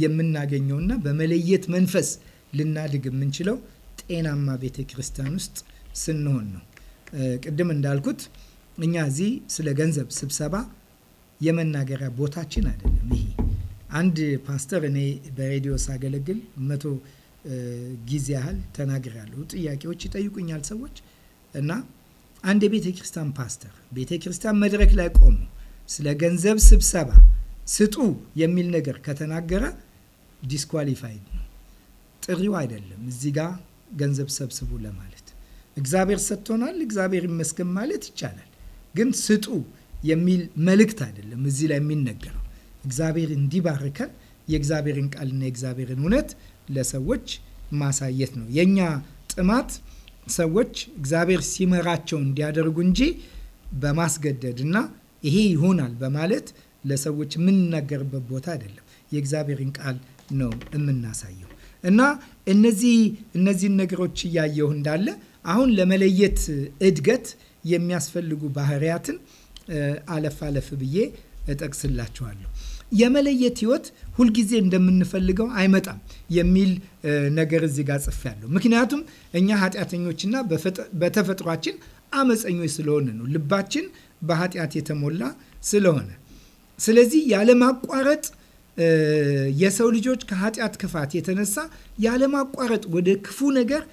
የምናገኘውና በመለየት መንፈስ ልናድግ የምንችለው ጤናማ ቤተ ክርስቲያን ውስጥ ስንሆን ነው። ቅድም እንዳልኩት እኛ እዚህ ስለ ገንዘብ ስብሰባ የመናገሪያ ቦታችን አይደለም ይሄ አንድ ፓስተር እኔ በሬዲዮ ሳገለግል መቶ ጊዜ ያህል ተናግሬያለሁ። ጥያቄዎች ይጠይቁኛል ሰዎች እና አንድ የቤተ ክርስቲያን ፓስተር ቤተ ክርስቲያን መድረክ ላይ ቆሞ ስለ ገንዘብ ስብሰባ ስጡ የሚል ነገር ከተናገረ ዲስኳሊፋይድ ነው። ጥሪው አይደለም እዚህ ጋ ገንዘብ ሰብስቡ ለማለት እግዚአብሔር ሰጥቶናል፣ እግዚአብሔር ይመስገን ማለት ይቻላል። ግን ስጡ የሚል መልእክት አይደለም እዚህ ላይ የሚነገረው እግዚአብሔር እንዲባርከን የእግዚአብሔርን ቃልና የእግዚአብሔርን እውነት ለሰዎች ማሳየት ነው። የእኛ ጥማት ሰዎች እግዚአብሔር ሲመራቸው እንዲያደርጉ እንጂ በማስገደድ እና ይሄ ይሆናል በማለት ለሰዎች የምንናገርበት ቦታ አይደለም። የእግዚአብሔርን ቃል ነው የምናሳየው እና እነዚህ እነዚህን ነገሮች እያየሁ እንዳለ አሁን ለመለየት እድገት የሚያስፈልጉ ባህሪያትን አለፍ አለፍ ብዬ እጠቅስላችኋለሁ። የመለየት ህይወት ሁልጊዜ እንደምንፈልገው አይመጣም የሚል ነገር እዚህ ጋር ጽፌያለሁ። ምክንያቱም እኛ ኃጢአተኞችና በተፈጥሯችን አመፀኞች ስለሆነ ነው። ልባችን በኃጢአት የተሞላ ስለሆነ ስለዚህ ያለማቋረጥ የሰው ልጆች ከኃጢአት ክፋት የተነሳ ያለማቋረጥ ወደ ክፉ ነገር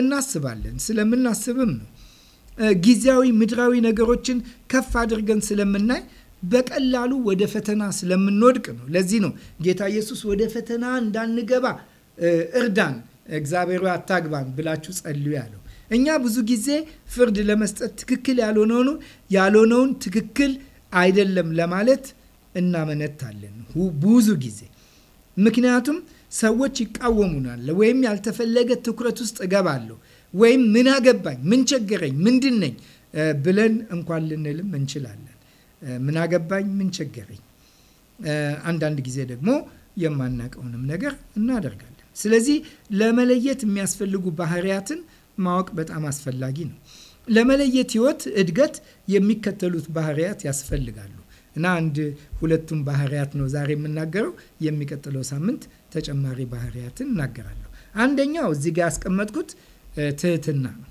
እናስባለን። ስለምናስብም ነው ጊዜያዊ ምድራዊ ነገሮችን ከፍ አድርገን ስለምናይ በቀላሉ ወደ ፈተና ስለምንወድቅ ነው። ለዚህ ነው ጌታ ኢየሱስ ወደ ፈተና እንዳንገባ እርዳን፣ እግዚአብሔሩ አታግባን ብላችሁ ጸልዩ ያለው። እኛ ብዙ ጊዜ ፍርድ ለመስጠት ትክክል ያልሆነውን ያልሆነውን ትክክል አይደለም ለማለት እናመነታለን ብዙ ጊዜ ምክንያቱም ሰዎች ይቃወሙናል፣ ወይም ያልተፈለገ ትኩረት ውስጥ እገባለሁ ወይም ምን አገባኝ፣ ምን ቸገረኝ፣ ምንድን ነኝ ብለን እንኳን ልንልም እንችላለን። ምን አገባኝ፣ ምን ቸገረኝ። አንዳንድ ጊዜ ደግሞ የማናቀውንም ነገር እናደርጋለን። ስለዚህ ለመለየት የሚያስፈልጉ ባህሪያትን ማወቅ በጣም አስፈላጊ ነው። ለመለየት ህይወት እድገት የሚከተሉት ባህሪያት ያስፈልጋሉ እና አንድ ሁለቱም ባህሪያት ነው ዛሬ የምናገረው። የሚቀጥለው ሳምንት ተጨማሪ ባህሪያትን እናገራለሁ። አንደኛው እዚህ ጋ ያስቀመጥኩት ትህትና ነው።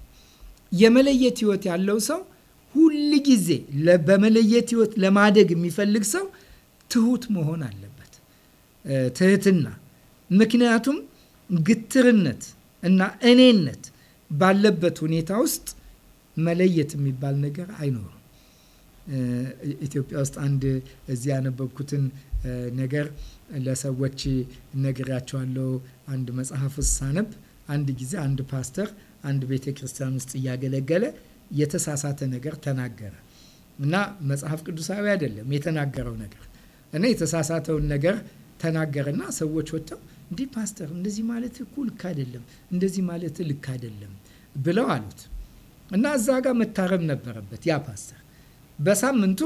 የመለየት ህይወት ያለው ሰው ሁል ጊዜ በመለየት ህይወት ለማደግ የሚፈልግ ሰው ትሁት መሆን አለበት። ትህትና። ምክንያቱም ግትርነት እና እኔነት ባለበት ሁኔታ ውስጥ መለየት የሚባል ነገር አይኖርም። ኢትዮጵያ ውስጥ አንድ እዚህ ያነበብኩትን ነገር ለሰዎች ነግሬያቸዋለሁ። አንድ መጽሐፍ ሳነብ አንድ ጊዜ አንድ ፓስተር አንድ ቤተ ክርስቲያን ውስጥ እያገለገለ የተሳሳተ ነገር ተናገረ እና መጽሐፍ ቅዱሳዊ አይደለም የተናገረው ነገር እና የተሳሳተውን ነገር ተናገረና ሰዎች ወጥተው እንዲህ ፓስተር፣ እንደዚህ ማለት እኮ ልክ አይደለም፣ እንደዚህ ማለት ልክ አይደለም ብለው አሉት እና እዛ ጋር መታረም ነበረበት ያ ፓስተር በሳምንቱ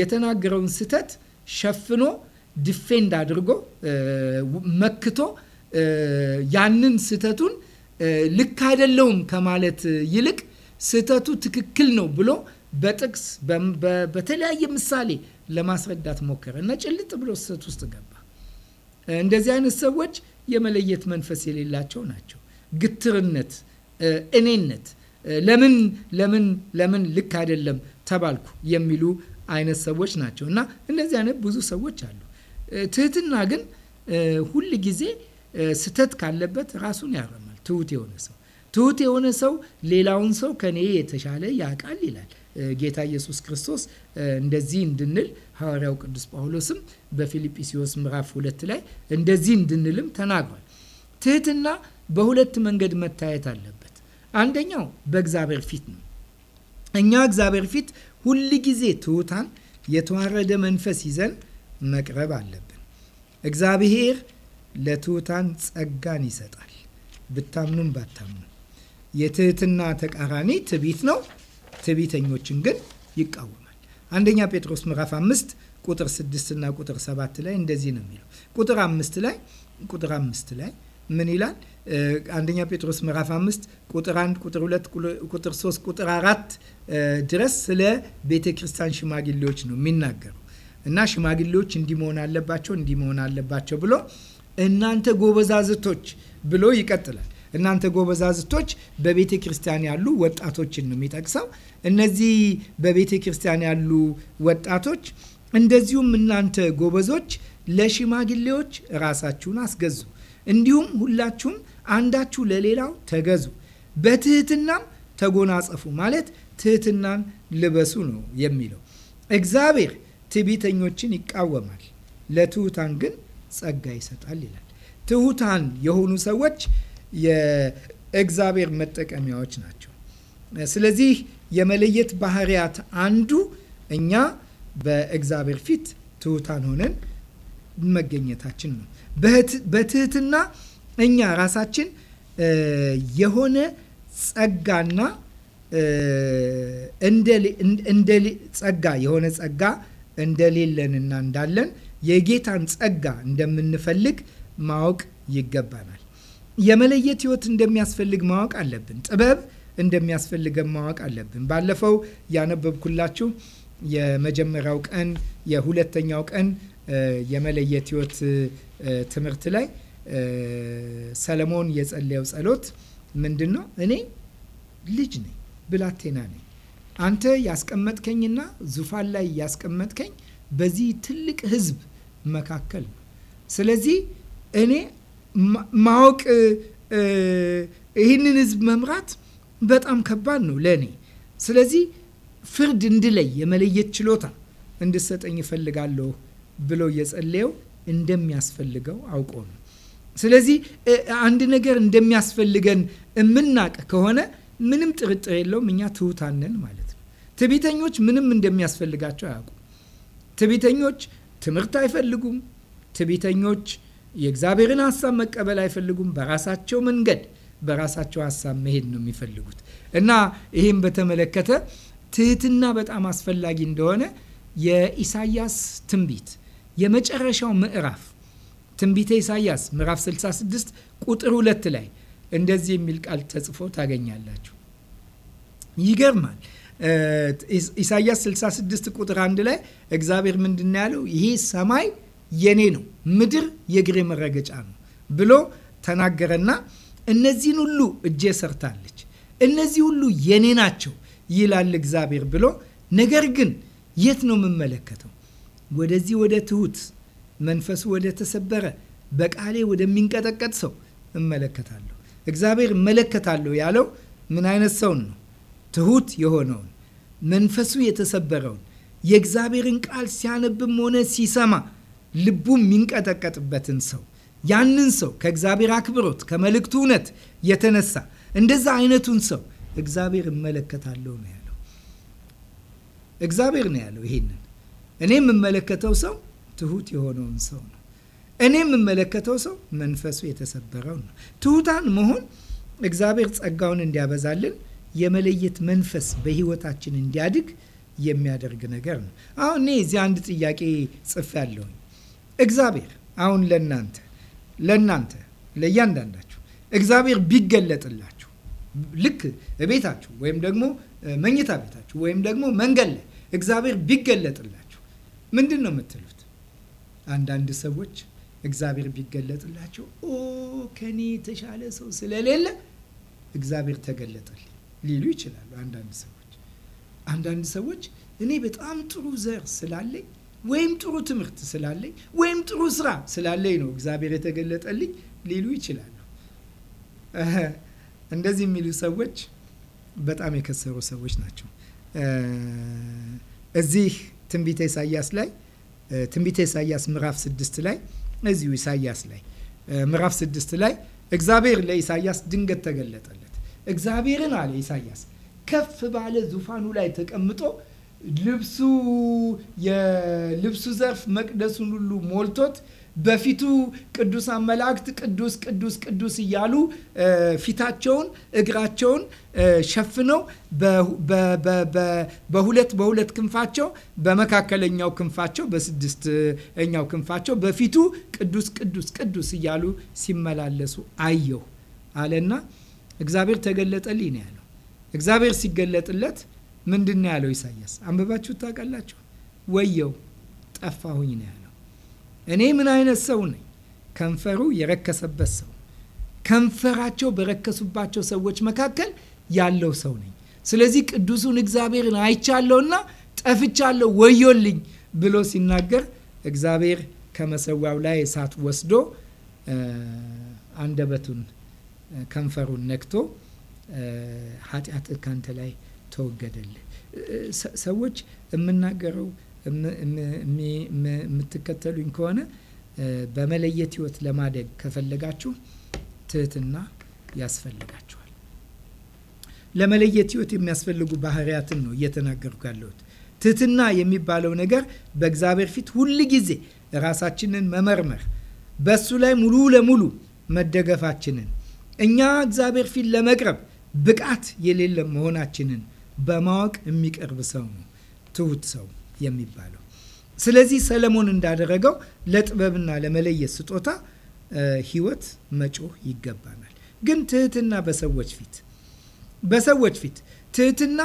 የተናገረውን ስህተት ሸፍኖ ዲፌንድ አድርጎ መክቶ ያንን ስህተቱን ልክ አይደለውም ከማለት ይልቅ ስህተቱ ትክክል ነው ብሎ በጥቅስ በተለያየ ምሳሌ ለማስረዳት ሞከረ እና ጭልጥ ብሎ ስህተት ውስጥ ገባ። እንደዚህ አይነት ሰዎች የመለየት መንፈስ የሌላቸው ናቸው። ግትርነት፣ እኔነት፣ ለምን ለምን ለምን ልክ አይደለም ተባልኩ የሚሉ አይነት ሰዎች ናቸው እና እንደዚህ አይነት ብዙ ሰዎች አሉ። ትህትና ግን ሁል ጊዜ ስህተት ካለበት ራሱን ያረማል። ትሁት የሆነ ሰው ትሁት የሆነ ሰው ሌላውን ሰው ከኔ የተሻለ ያውቃል ይላል ጌታ ኢየሱስ ክርስቶስ። እንደዚህ እንድንል ሐዋርያው ቅዱስ ጳውሎስም በፊልጵስዎስ ምዕራፍ ሁለት ላይ እንደዚህ እንድንልም ተናግሯል። ትህትና በሁለት መንገድ መታየት አለበት። አንደኛው በእግዚአብሔር ፊት ነው። እኛ እግዚአብሔር ፊት ሁል ጊዜ ትሑታን፣ የተዋረደ መንፈስ ይዘን መቅረብ አለብን። እግዚአብሔር ለትሑታን ጸጋን ይሰጣል፣ ብታምኑም ባታምኑ የትህትና ተቃራኒ ትቢት ነው። ትቢተኞችን ግን ይቃወማል። አንደኛ ጴጥሮስ ምዕራፍ አምስት ቁጥር ስድስት እና ቁጥር ሰባት ላይ እንደዚህ ነው የሚለው። ቁጥር አምስት ላይ ቁጥር አምስት ላይ ምን ይላል? አንደኛ ጴጥሮስ ምዕራፍ አምስት ቁጥር አንድ ቁጥር ሁለት ቁጥር ሶስት ቁጥር አራት ድረስ ስለ ቤተ ክርስቲያን ሽማግሌዎች ነው የሚናገረው እና ሽማግሌዎች እንዲህ መሆን አለባቸው እንዲህ መሆን አለባቸው ብሎ እናንተ ጎበዛዝቶች ብሎ ይቀጥላል። እናንተ ጎበዛዝቶች በቤተ ክርስቲያን ያሉ ወጣቶችን ነው የሚጠቅሰው። እነዚህ በቤተ ክርስቲያን ያሉ ወጣቶች እንደዚሁም እናንተ ጎበዞች ለሽማግሌዎች ራሳችሁን አስገዙ፣ እንዲሁም ሁላችሁም አንዳችሁ ለሌላው ተገዙ፣ በትህትናም ተጎናጸፉ ማለት ትህትናን ልበሱ ነው የሚለው። እግዚአብሔር ትዕቢተኞችን ይቃወማል፣ ለትሑታን ግን ጸጋ ይሰጣል ይላል። ትሑታን የሆኑ ሰዎች የእግዚአብሔር መጠቀሚያዎች ናቸው። ስለዚህ የመለየት ባህሪያት አንዱ እኛ በእግዚአብሔር ፊት ትሑታን ሆነን መገኘታችን ነው። በትህትና እኛ ራሳችን የሆነ ጸጋና ጸጋ የሆነ ጸጋ እንደሌለንና እንዳለን የጌታን ጸጋ እንደምንፈልግ ማወቅ ይገባናል። የመለየት ህይወት እንደሚያስፈልግ ማወቅ አለብን። ጥበብ እንደሚያስፈልገን ማወቅ አለብን። ባለፈው ያነበብኩላችሁ የመጀመሪያው ቀን የሁለተኛው ቀን የመለየት ህይወት ትምህርት ላይ ሰለሞን የጸለየው ጸሎት ምንድን ነው? እኔ ልጅ ነኝ፣ ብላቴና ነኝ። አንተ ያስቀመጥከኝና ዙፋን ላይ ያስቀመጥከኝ በዚህ ትልቅ ህዝብ መካከል ነው። ስለዚህ እኔ ማወቅ ይህንን ህዝብ መምራት በጣም ከባድ ነው ለእኔ። ስለዚህ ፍርድ እንድለይ የመለየት ችሎታ እንድሰጠኝ ይፈልጋለሁ ብሎ የጸለየው እንደሚያስፈልገው አውቆ ነው። ስለዚህ አንድ ነገር እንደሚያስፈልገን የምናቅ ከሆነ ምንም ጥርጥር የለውም እኛ ትሑታንን ማለት ነው። ትዕቢተኞች ምንም እንደሚያስፈልጋቸው አያውቁም። ትዕቢተኞች ትምህርት አይፈልጉም። ትዕቢተኞች የእግዚአብሔርን ሀሳብ መቀበል አይፈልጉም። በራሳቸው መንገድ በራሳቸው ሀሳብ መሄድ ነው የሚፈልጉት እና ይህም በተመለከተ ትህትና በጣም አስፈላጊ እንደሆነ የኢሳያስ ትንቢት የመጨረሻው ምዕራፍ ትንቢተ ኢሳያስ ምዕራፍ 66 ቁጥር ሁለት ላይ እንደዚህ የሚል ቃል ተጽፎ ታገኛላችሁ። ይገርማል። ኢሳያስ 66 ቁጥር አንድ ላይ እግዚአብሔር ምንድን ያለው ይሄ ሰማይ የኔ ነው፣ ምድር የእግሬ መረገጫ ነው ብሎ ተናገረና እነዚህን ሁሉ እጄ ሰርታለች፣ እነዚህ ሁሉ የኔ ናቸው ይላል እግዚአብሔር ብሎ ነገር ግን የት ነው የምመለከተው? ወደዚህ ወደ ትሁት መንፈሱ ወደ ተሰበረ በቃሌ ወደሚንቀጠቀጥ ሰው እመለከታለሁ። እግዚአብሔር እመለከታለሁ ያለው ምን አይነት ሰውን ነው? ትሁት የሆነውን መንፈሱ የተሰበረውን የእግዚአብሔርን ቃል ሲያነብም ሆነ ሲሰማ ልቡ የሚንቀጠቀጥበትን ሰው ያንን ሰው ከእግዚአብሔር አክብሮት ከመልእክቱ እውነት የተነሳ እንደዛ አይነቱን ሰው እግዚአብሔር እመለከታለሁ ነው ያለው። እግዚአብሔር ነው ያለው። ይሄንን እኔ የምመለከተው ሰው ትሁት የሆነውን ሰው ነው። እኔ የምመለከተው ሰው መንፈሱ የተሰበረው ነው። ትሁታን መሆን እግዚአብሔር ጸጋውን እንዲያበዛልን የመለየት መንፈስ በህይወታችን እንዲያድግ የሚያደርግ ነገር ነው። አሁን እኔ እዚህ አንድ ጥያቄ ጽፌ ያለሁኝ እግዚአብሔር አሁን ለእናንተ ለእናንተ ለእያንዳንዳችሁ እግዚአብሔር ቢገለጥላችሁ ልክ እቤታችሁ ወይም ደግሞ መኝታ ቤታችሁ ወይም ደግሞ መንገድ ላይ እግዚአብሔር ቢገለጥላችሁ ምንድን ነው የምትሉት? አንዳንድ ሰዎች እግዚአብሔር ቢገለጥላቸው ኦ ከኔ የተሻለ ሰው ስለሌለ እግዚአብሔር ተገለጠልኝ ሊሉ ይችላሉ። አንዳንድ ሰዎች አንዳንድ ሰዎች እኔ በጣም ጥሩ ዘር ስላለኝ ወይም ጥሩ ትምህርት ስላለኝ ወይም ጥሩ ስራ ስላለኝ ነው እግዚአብሔር የተገለጠልኝ ሊሉ ይችላሉ። እንደዚህ የሚሉ ሰዎች በጣም የከሰሩ ሰዎች ናቸው። እዚህ ትንቢተ ኢሳያስ ላይ ትንቢተ ኢሳያስ ምዕራፍ ስድስት ላይ እዚሁ ኢሳያስ ላይ ምዕራፍ ስድስት ላይ እግዚአብሔር ለኢሳያስ ድንገት ተገለጠለት። እግዚአብሔርን አለ ኢሳያስ ከፍ ባለ ዙፋኑ ላይ ተቀምጦ ልብሱ የልብሱ ዘርፍ መቅደሱን ሁሉ ሞልቶት በፊቱ ቅዱሳን መላእክት ቅዱስ ቅዱስ ቅዱስ እያሉ ፊታቸውን እግራቸውን ሸፍነው በሁለት በሁለት ክንፋቸው በመካከለኛው ክንፋቸው በስድስተኛው ክንፋቸው በፊቱ ቅዱስ ቅዱስ ቅዱስ እያሉ ሲመላለሱ አየሁ አለና እግዚአብሔር ተገለጠልኝ ነው ያለው። እግዚአብሔር ሲገለጥለት ምንድን ነው ያለው? ኢሳያስ አንብባችሁ ታውቃላችሁ? ወየው ጠፋሁኝ ነው ያለው። እኔ ምን አይነት ሰው ነኝ? ከንፈሩ የረከሰበት ሰው፣ ከንፈራቸው በረከሱባቸው ሰዎች መካከል ያለው ሰው ነኝ። ስለዚህ ቅዱሱን እግዚአብሔርን አይቻለሁና ጠፍቻለሁ፣ ወዮልኝ ብሎ ሲናገር እግዚአብሔር ከመሰዊያው ላይ እሳት ወስዶ አንደበቱን ከንፈሩን ነክቶ ኃጢአት ካንተ ላይ ተወገደልህ። ሰዎች የምናገረው የምትከተሉኝ ከሆነ በመለየት ህይወት ለማደግ ከፈለጋችሁ ትህትና ያስፈልጋችኋል። ለመለየት ህይወት የሚያስፈልጉ ባህሪያትን ነው እየተናገርኩ ያለሁት። ትህትና የሚባለው ነገር በእግዚአብሔር ፊት ሁል ጊዜ ራሳችንን መመርመር፣ በሱ ላይ ሙሉ ለሙሉ መደገፋችንን፣ እኛ እግዚአብሔር ፊት ለመቅረብ ብቃት የሌለ መሆናችንን በማወቅ የሚቀርብ ሰው ነው ትሁት ሰው የሚባለው። ስለዚህ ሰለሞን እንዳደረገው ለጥበብና ለመለየት ስጦታ ህይወት መጮህ ይገባናል። ግን ትህትና በሰዎች ፊት በሰዎች ፊት ትህትና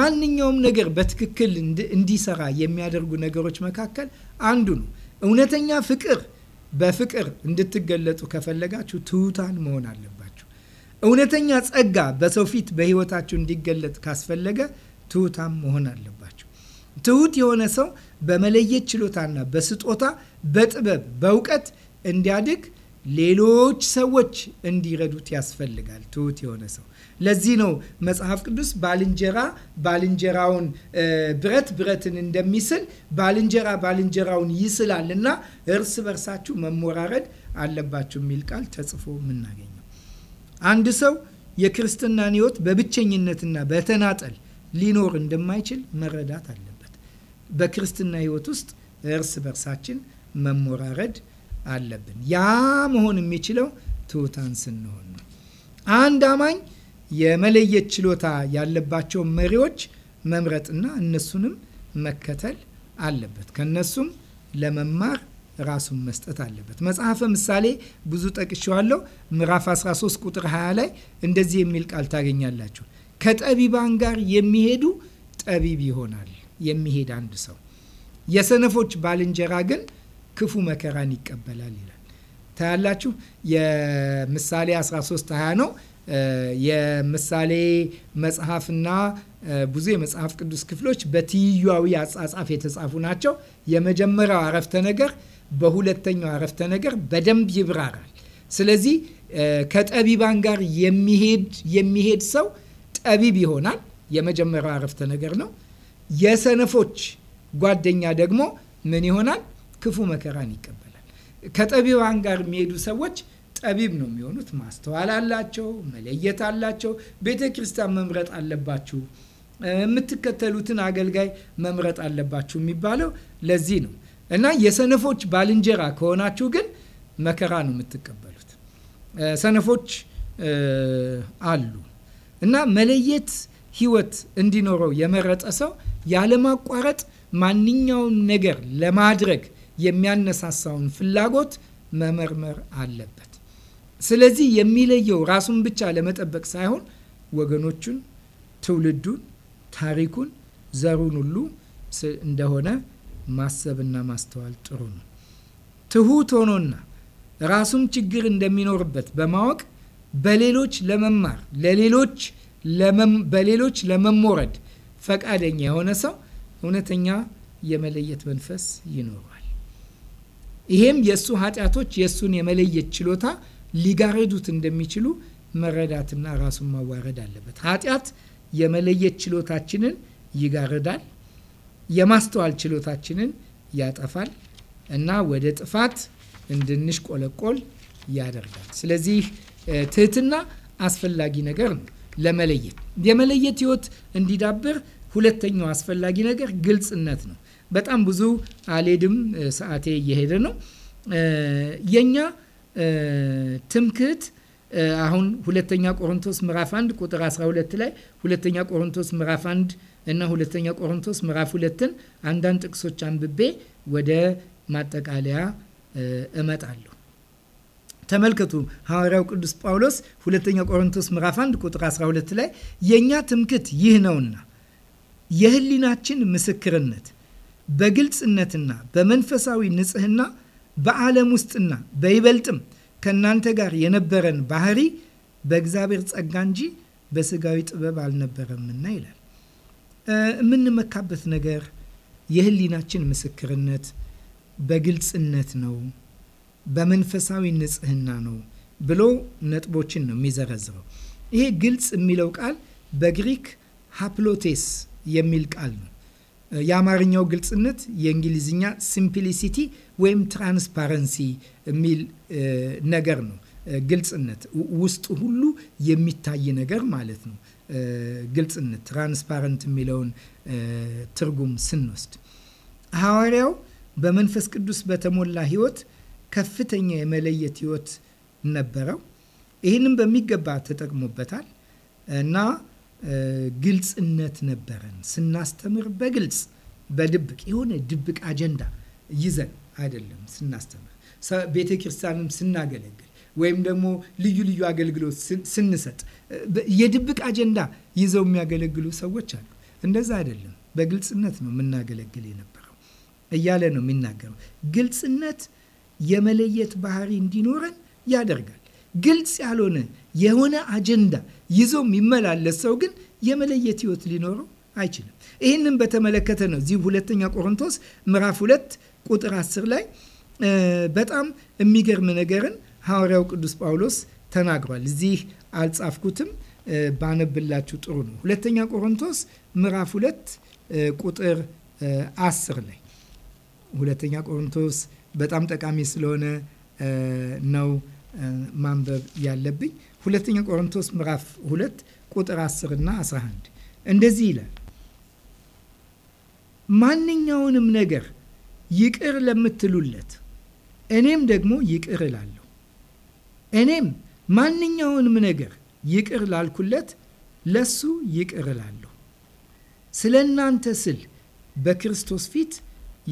ማንኛውም ነገር በትክክል እንዲሰራ የሚያደርጉ ነገሮች መካከል አንዱ ነው። እውነተኛ ፍቅር በፍቅር እንድትገለጡ ከፈለጋችሁ ትሁታን መሆን አለ እውነተኛ ጸጋ በሰው ፊት በህይወታችሁ እንዲገለጥ ካስፈለገ ትሑታም መሆን አለባቸው። ትሑት የሆነ ሰው በመለየት ችሎታና በስጦታ በጥበብ በእውቀት እንዲያድግ ሌሎች ሰዎች እንዲረዱት ያስፈልጋል። ትሑት የሆነ ሰው ለዚህ ነው መጽሐፍ ቅዱስ ባልንጀራ ባልንጀራውን ብረት ብረትን እንደሚስል ባልንጀራ ባልንጀራውን ይስላል እና እርስ በርሳችሁ መሞራረድ አለባችሁ የሚል ቃል ተጽፎ የምናገኘው አንድ ሰው የክርስትናን ህይወት በብቸኝነትና በተናጠል ሊኖር እንደማይችል መረዳት አለበት። በክርስትና ህይወት ውስጥ እርስ በርሳችን መሞራረድ አለብን። ያ መሆን የሚችለው ትሑታን ስንሆን ነው። አንድ አማኝ የመለየት ችሎታ ያለባቸው መሪዎች መምረጥና እነሱንም መከተል አለበት። ከነሱም ለመማር ራሱን መስጠት አለበት። መጽሐፈ ምሳሌ ብዙ ጠቅሼዋለሁ። ምዕራፍ 13 ቁጥር 20 ላይ እንደዚህ የሚል ቃል ታገኛላችሁ። ከጠቢባን ጋር የሚሄዱ ጠቢብ ይሆናል የሚሄድ አንድ ሰው፣ የሰነፎች ባልንጀራ ግን ክፉ መከራን ይቀበላል ይላል። ታያላችሁ። የምሳሌ 13 20 ነው። የምሳሌ መጽሐፍና ብዙ የመጽሐፍ ቅዱስ ክፍሎች በትይዩዊ አጻጻፍ የተጻፉ ናቸው። የመጀመሪያው አረፍተ ነገር በሁለተኛው አረፍተ ነገር በደንብ ይብራራል። ስለዚህ ከጠቢባን ጋር የሚሄድ ሰው ጠቢብ ይሆናል። የመጀመሪያው አረፍተ ነገር ነው። የሰነፎች ጓደኛ ደግሞ ምን ይሆናል? ክፉ መከራን ይቀበላል። ከጠቢባን ጋር የሚሄዱ ሰዎች ጠቢብ ነው የሚሆኑት። ማስተዋል አላቸው፣ መለየት አላቸው። ቤተ ክርስቲያን መምረጥ አለባችሁ፣ የምትከተሉትን አገልጋይ መምረጥ አለባችሁ የሚባለው ለዚህ ነው። እና የሰነፎች ባልንጀራ ከሆናችሁ ግን መከራ ነው የምትቀበሉት። ሰነፎች አሉ እና መለየት ህይወት እንዲኖረው የመረጠ ሰው ያለማቋረጥ ማንኛውም ነገር ለማድረግ የሚያነሳሳውን ፍላጎት መመርመር አለበት። ስለዚህ የሚለየው ራሱን ብቻ ለመጠበቅ ሳይሆን ወገኖቹን፣ ትውልዱን፣ ታሪኩን፣ ዘሩን ሁሉ እንደሆነ ማሰብና ማስተዋል ጥሩ ነው። ትሁት ሆኖና ራሱም ችግር እንደሚኖርበት በማወቅ በሌሎች ለመማር ለሌሎች በሌሎች ለመሞረድ ፈቃደኛ የሆነ ሰው እውነተኛ የመለየት መንፈስ ይኖረዋል። ይሄም የእሱ ኃጢአቶች የእሱን የመለየት ችሎታ ሊጋረዱት እንደሚችሉ መረዳትና ራሱን ማዋረድ አለበት። ኃጢአት የመለየት ችሎታችንን ይጋርዳል። የማስተዋል ችሎታችንን ያጠፋል እና ወደ ጥፋት እንድንሽቆለቆል ያደርጋል። ስለዚህ ትህትና አስፈላጊ ነገር ነው። ለመለየት የመለየት ህይወት እንዲዳብር ሁለተኛው አስፈላጊ ነገር ግልጽነት ነው። በጣም ብዙ አልሄድም፣ ሰዓቴ እየሄደ ነው። የኛ ትምክህት አሁን ሁለተኛ ቆሮንቶስ ምዕራፍ 1 ቁጥር 12 ላይ ሁለተኛ ቆሮንቶስ ምዕራፍ 1 እና ሁለተኛ ቆሮንቶስ ምዕራፍ ሁለትን አንዳንድ ጥቅሶች አንብቤ ወደ ማጠቃለያ እመጣለሁ። ተመልከቱ ሐዋርያው ቅዱስ ጳውሎስ ሁለተኛ ቆሮንቶስ ምዕራፍ 1 ቁጥር 12 ላይ የእኛ ትምክት ይህ ነውና የህሊናችን ምስክርነት በግልጽነትና በመንፈሳዊ ንጽህና በዓለም ውስጥና በይበልጥም ከእናንተ ጋር የነበረን ባህሪ በእግዚአብሔር ጸጋ እንጂ በስጋዊ ጥበብ አልነበረምና ይላል። የምንመካበት ነገር የህሊናችን ምስክርነት በግልጽነት ነው፣ በመንፈሳዊ ንጽህና ነው ብሎ ነጥቦችን ነው የሚዘረዝረው። ይሄ ግልጽ የሚለው ቃል በግሪክ ሃፕሎቴስ የሚል ቃል ነው። የአማርኛው ግልጽነት፣ የእንግሊዝኛ ሲምፕሊሲቲ ወይም ትራንስፓረንሲ የሚል ነገር ነው። ግልጽነት ውስጥ ሁሉ የሚታይ ነገር ማለት ነው። ግልጽነት ትራንስፓረንት የሚለውን ትርጉም ስንወስድ ሐዋርያው በመንፈስ ቅዱስ በተሞላ ህይወት ከፍተኛ የመለየት ህይወት ነበረው። ይህንም በሚገባ ተጠቅሞበታል እና ግልጽነት ነበረን። ስናስተምር በግልጽ በድብቅ የሆነ ድብቅ አጀንዳ ይዘን አይደለም ስናስተምር ቤተ ክርስቲያንም ስናገለግል ወይም ደግሞ ልዩ ልዩ አገልግሎት ስንሰጥ የድብቅ አጀንዳ ይዘው የሚያገለግሉ ሰዎች አሉ። እንደዛ አይደለም፣ በግልጽነት ነው የምናገለግል የነበረው እያለ ነው የሚናገረው። ግልጽነት የመለየት ባህሪ እንዲኖረን ያደርጋል። ግልጽ ያልሆነ የሆነ አጀንዳ ይዞ የሚመላለስ ሰው ግን የመለየት ህይወት ሊኖረው አይችልም። ይህንም በተመለከተ ነው እዚህ ሁለተኛ ቆሮንቶስ ምዕራፍ ሁለት ቁጥር አስር ላይ በጣም የሚገርም ነገርን ሐዋርያው ቅዱስ ጳውሎስ ተናግሯል። እዚህ አልጻፍኩትም፣ ባነብላችሁ ጥሩ ነው። ሁለተኛ ቆሮንቶስ ምዕራፍ ሁለት ቁጥር አስር ላይ ሁለተኛ ቆሮንቶስ በጣም ጠቃሚ ስለሆነ ነው ማንበብ ያለብኝ። ሁለተኛ ቆሮንቶስ ምዕራፍ ሁለት ቁጥር አስር እና 11 እንደዚህ ይላል፣ ማንኛውንም ነገር ይቅር ለምትሉለት እኔም ደግሞ ይቅር እላለሁ እኔም ማንኛውንም ነገር ይቅር ላልኩለት ለሱ ይቅር እላለሁ። ስለ እናንተ ስል በክርስቶስ ፊት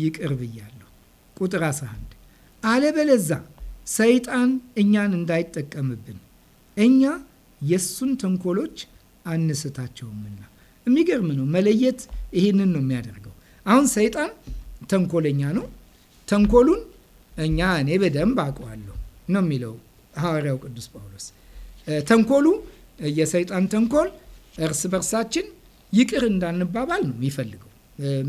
ይቅር ብያለሁ። ቁጥር 11 አለበለዛ ሰይጣን እኛን እንዳይጠቀምብን እኛ የእሱን ተንኮሎች አንስታቸውምና። የሚገርም ነው። መለየት ይህንን ነው የሚያደርገው። አሁን ሰይጣን ተንኮለኛ ነው። ተንኮሉን እኛ እኔ በደንብ አውቀዋለሁ ነው የሚለው ሐዋርያው ቅዱስ ጳውሎስ። ተንኮሉ የሰይጣን ተንኮል እርስ በርሳችን ይቅር እንዳንባባል ነው የሚፈልገው።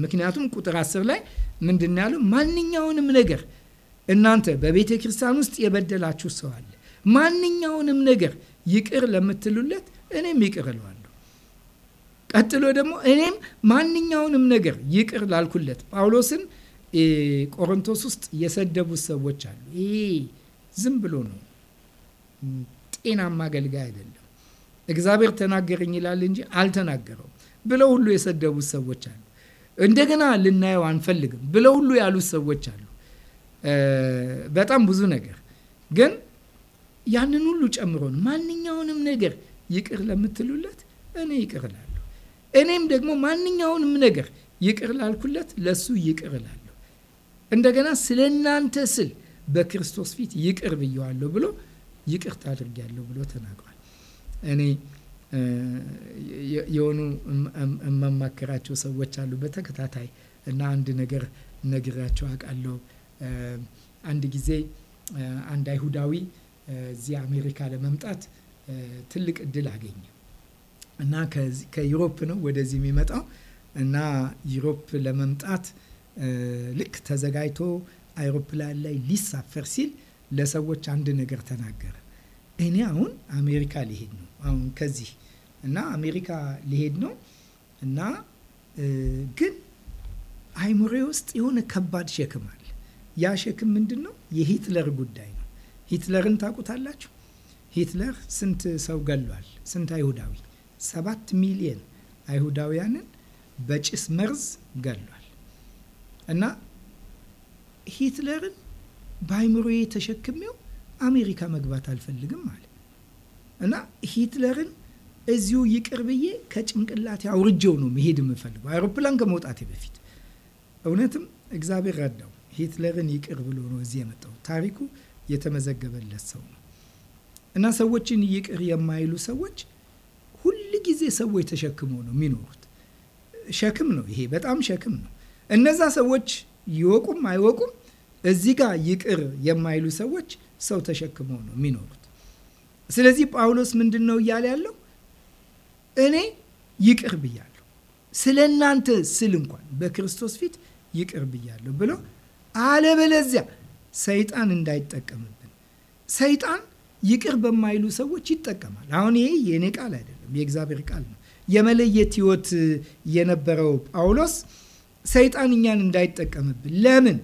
ምክንያቱም ቁጥር አስር ላይ ምንድን ያለው? ማንኛውንም ነገር እናንተ በቤተ ክርስቲያን ውስጥ የበደላችሁ ሰው አለ፣ ማንኛውንም ነገር ይቅር ለምትሉለት እኔም ይቅር እለዋለሁ። ቀጥሎ ደግሞ እኔም ማንኛውንም ነገር ይቅር ላልኩለት ጳውሎስን ቆሮንቶስ ውስጥ የሰደቡት ሰዎች አሉ። ይሄ ዝም ብሎ ነው ጤናማ አገልጋይ አይደለም። እግዚአብሔር ተናገረኝ ይላል እንጂ አልተናገረውም ብለው ሁሉ የሰደቡት ሰዎች አሉ። እንደገና ልናየው አንፈልግም ብለው ሁሉ ያሉት ሰዎች አሉ። በጣም ብዙ ነገር ግን ያንን ሁሉ ጨምሮ ነው ማንኛውንም ነገር ይቅር ለምትሉለት እኔ ይቅር እላለሁ። እኔም ደግሞ ማንኛውንም ነገር ይቅር ላልኩለት ለሱ ይቅር እላለሁ። እንደገና ስለ እናንተ ስል በክርስቶስ ፊት ይቅር ብየዋለሁ ብሎ ይቅርታ አድርጌያለሁ ብሎ ተናግሯል። እኔ የሆኑ የማማከራቸው ሰዎች አሉ በተከታታይ እና አንድ ነገር ነግራቸው አውቃለሁ። አንድ ጊዜ አንድ አይሁዳዊ እዚህ አሜሪካ ለመምጣት ትልቅ እድል አገኘ እና ከዩሮፕ ነው ወደዚህ የሚመጣው እና ዩሮፕ ለመምጣት ልክ ተዘጋጅቶ አይሮፕላን ላይ ሊሳፈር ሲል ለሰዎች አንድ ነገር ተናገረ። እኔ አሁን አሜሪካ ሊሄድ ነው አሁን ከዚህ እና አሜሪካ ሊሄድ ነው እና ግን አይምሬ ውስጥ የሆነ ከባድ ሸክም አለ። ያ ሸክም ምንድን ነው? የሂትለር ጉዳይ ነው። ሂትለርን ታውቁታላችሁ? ሂትለር ስንት ሰው ገሏል? ስንት አይሁዳዊ? ሰባት ሚሊየን አይሁዳውያንን በጭስ መርዝ ገሏል እና ሂትለርን በአይምሮዬ ተሸክሜው አሜሪካ መግባት አልፈልግም አለ እና ሂትለርን እዚሁ ይቅር ብዬ ከጭንቅላቴ አውርጄው ነው መሄድ የምፈልገው አይሮፕላን ከመውጣቴ በፊት። እውነትም እግዚአብሔር ረዳው። ሂትለርን ይቅር ብሎ ነው እዚህ የመጣው። ታሪኩ የተመዘገበለት ሰው ነው እና ሰዎችን ይቅር የማይሉ ሰዎች ሁል ጊዜ ሰዎች ተሸክመው ነው የሚኖሩት። ሸክም ነው ይሄ፣ በጣም ሸክም ነው። እነዛ ሰዎች ይወቁም አይወቁም እዚህ ጋር ይቅር የማይሉ ሰዎች ሰው ተሸክመው ነው የሚኖሩት። ስለዚህ ጳውሎስ ምንድን ነው እያለ ያለው? እኔ ይቅር ብያለሁ፣ ስለ እናንተ ስል እንኳን በክርስቶስ ፊት ይቅር ብያለሁ ብሎ አለበለዚያ ሰይጣን እንዳይጠቀምብን። ሰይጣን ይቅር በማይሉ ሰዎች ይጠቀማል። አሁን ይሄ የእኔ ቃል አይደለም፣ የእግዚአብሔር ቃል ነው። የመለየት ህይወት የነበረው ጳውሎስ ሰይጣን እኛን እንዳይጠቀምብን ለምን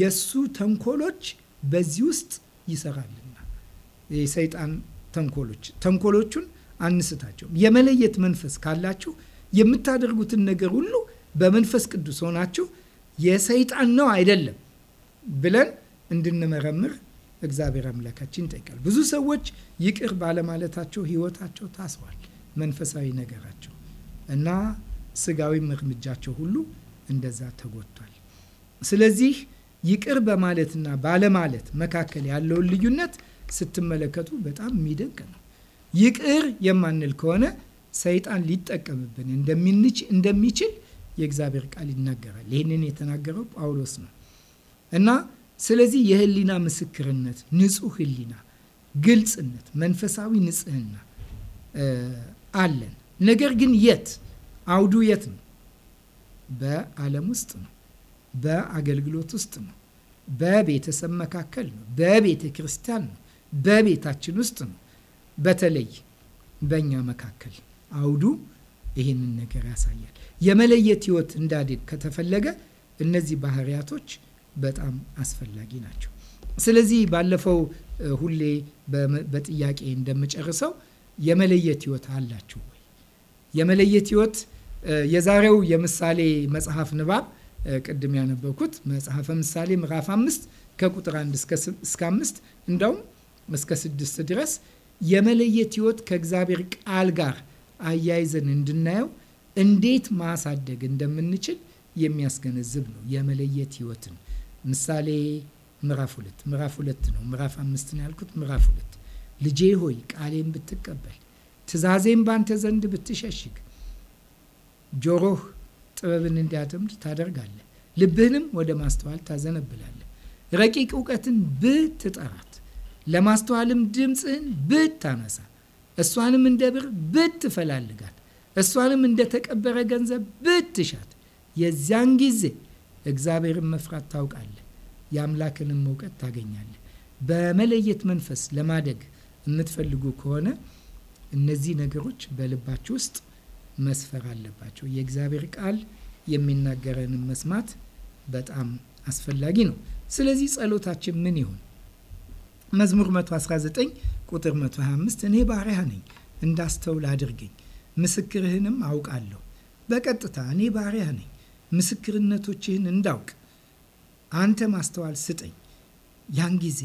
የእሱ ተንኮሎች በዚህ ውስጥ ይሰራልና የሰይጣን ተንኮሎች ተንኮሎቹን አንስታቸውም። የመለየት መንፈስ ካላችሁ የምታደርጉትን ነገር ሁሉ በመንፈስ ቅዱስ ሆናችሁ የሰይጣን ነው አይደለም ብለን እንድንመረምር እግዚአብሔር አምላካችን ይጠይቃል። ብዙ ሰዎች ይቅር ባለማለታቸው ሕይወታቸው ታስሯል። መንፈሳዊ ነገራቸው እና ስጋዊም እርምጃቸው ሁሉ እንደዛ ተጎድቷል። ስለዚህ ይቅር በማለትና ባለማለት መካከል ያለውን ልዩነት ስትመለከቱ በጣም የሚደንቅ ነው። ይቅር የማንል ከሆነ ሰይጣን ሊጠቀምብን እንደሚችል የእግዚአብሔር ቃል ይናገራል። ይህንን የተናገረው ጳውሎስ ነው እና ስለዚህ የህሊና ምስክርነት፣ ንጹህ ህሊና፣ ግልጽነት፣ መንፈሳዊ ንጽህና አለን። ነገር ግን የት አውዱ የት ነው? በዓለም ውስጥ ነው። በአገልግሎት ውስጥ ነው፣ በቤተሰብ መካከል ነው፣ በቤተ ክርስቲያን ነው፣ በቤታችን ውስጥ ነው። በተለይ በእኛ መካከል አውዱ ይህንን ነገር ያሳያል። የመለየት ህይወት እንዳድን ከተፈለገ እነዚህ ባህሪያቶች በጣም አስፈላጊ ናቸው። ስለዚህ ባለፈው ሁሌ በጥያቄ እንደምጨርሰው የመለየት ህይወት አላችሁ ወይ? የመለየት ህይወት የዛሬው የምሳሌ መጽሐፍ ንባብ ቅድም ያነበኩት መጽሐፈ ምሳሌ ምዕራፍ አምስት ከቁጥር አንድ እስከ አምስት እንደውም እስከ ስድስት ድረስ የመለየት ህይወት ከእግዚአብሔር ቃል ጋር አያይዘን እንድናየው እንዴት ማሳደግ እንደምንችል የሚያስገነዝብ ነው። የመለየት ህይወትን ምሳሌ ምዕራፍ ሁለት ምዕራፍ ሁለት ነው። ምዕራፍ አምስት ነው ያልኩት። ምዕራፍ ሁለት ልጄ ሆይ ቃሌን ብትቀበል ትእዛዜን ባንተ ዘንድ ብትሸሽግ ጆሮህ ጥበብን እንዲያደምድ ታደርጋለህ። ልብህንም ወደ ማስተዋል ታዘነብላለህ። ረቂቅ እውቀትን ብትጠራት፣ ለማስተዋልም ድምፅህን ብታነሳ፣ እሷንም እንደ ብር ብትፈላልጋት፣ እሷንም እንደ ተቀበረ ገንዘብ ብትሻት፣ የዚያን ጊዜ እግዚአብሔርን መፍራት ታውቃለህ፣ የአምላክንም እውቀት ታገኛለህ። በመለየት መንፈስ ለማደግ የምትፈልጉ ከሆነ እነዚህ ነገሮች በልባችሁ ውስጥ መስፈር አለባቸው። የእግዚአብሔር ቃል የሚናገረንን መስማት በጣም አስፈላጊ ነው። ስለዚህ ጸሎታችን ምን ይሁን? መዝሙር 119 ቁጥር 125 እኔ ባሪያ ነኝ እንዳስተውል አድርገኝ ምስክርህንም አውቃለሁ። በቀጥታ እኔ ባሪያ ነኝ ምስክርነቶችህን እንዳውቅ አንተ ማስተዋል ስጠኝ። ያን ጊዜ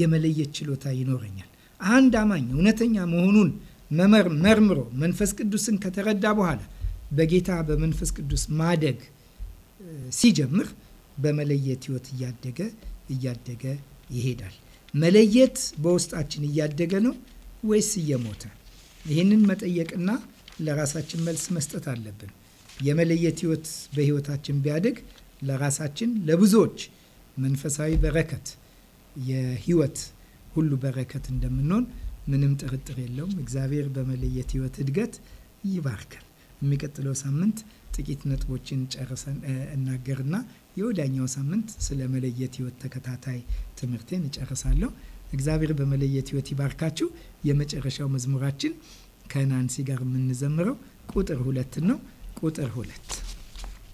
የመለየት ችሎታ ይኖረኛል። አንድ አማኝ እውነተኛ መሆኑን መርምሮ መንፈስ ቅዱስን ከተረዳ በኋላ በጌታ በመንፈስ ቅዱስ ማደግ ሲጀምር በመለየት ህይወት እያደገ እያደገ ይሄዳል። መለየት በውስጣችን እያደገ ነው ወይስ እየሞተ? ይህንን መጠየቅና ለራሳችን መልስ መስጠት አለብን። የመለየት ህይወት በህይወታችን ቢያድግ ለራሳችን፣ ለብዙዎች መንፈሳዊ በረከት የህይወት ሁሉ በረከት እንደምንሆን ምንም ጥርጥር የለውም። እግዚአብሔር በመለየት ህይወት እድገት ይባርከን። የሚቀጥለው ሳምንት ጥቂት ነጥቦችን ጨርሰን እናገርና የወዳኛው ሳምንት ስለ መለየት ህይወት ተከታታይ ትምህርቴን እጨርሳለሁ። እግዚአብሔር በመለየት ህይወት ይባርካችሁ። የመጨረሻው መዝሙራችን ከናንሲ ጋር የምንዘምረው ቁጥር ሁለት ነው። ቁጥር ሁለት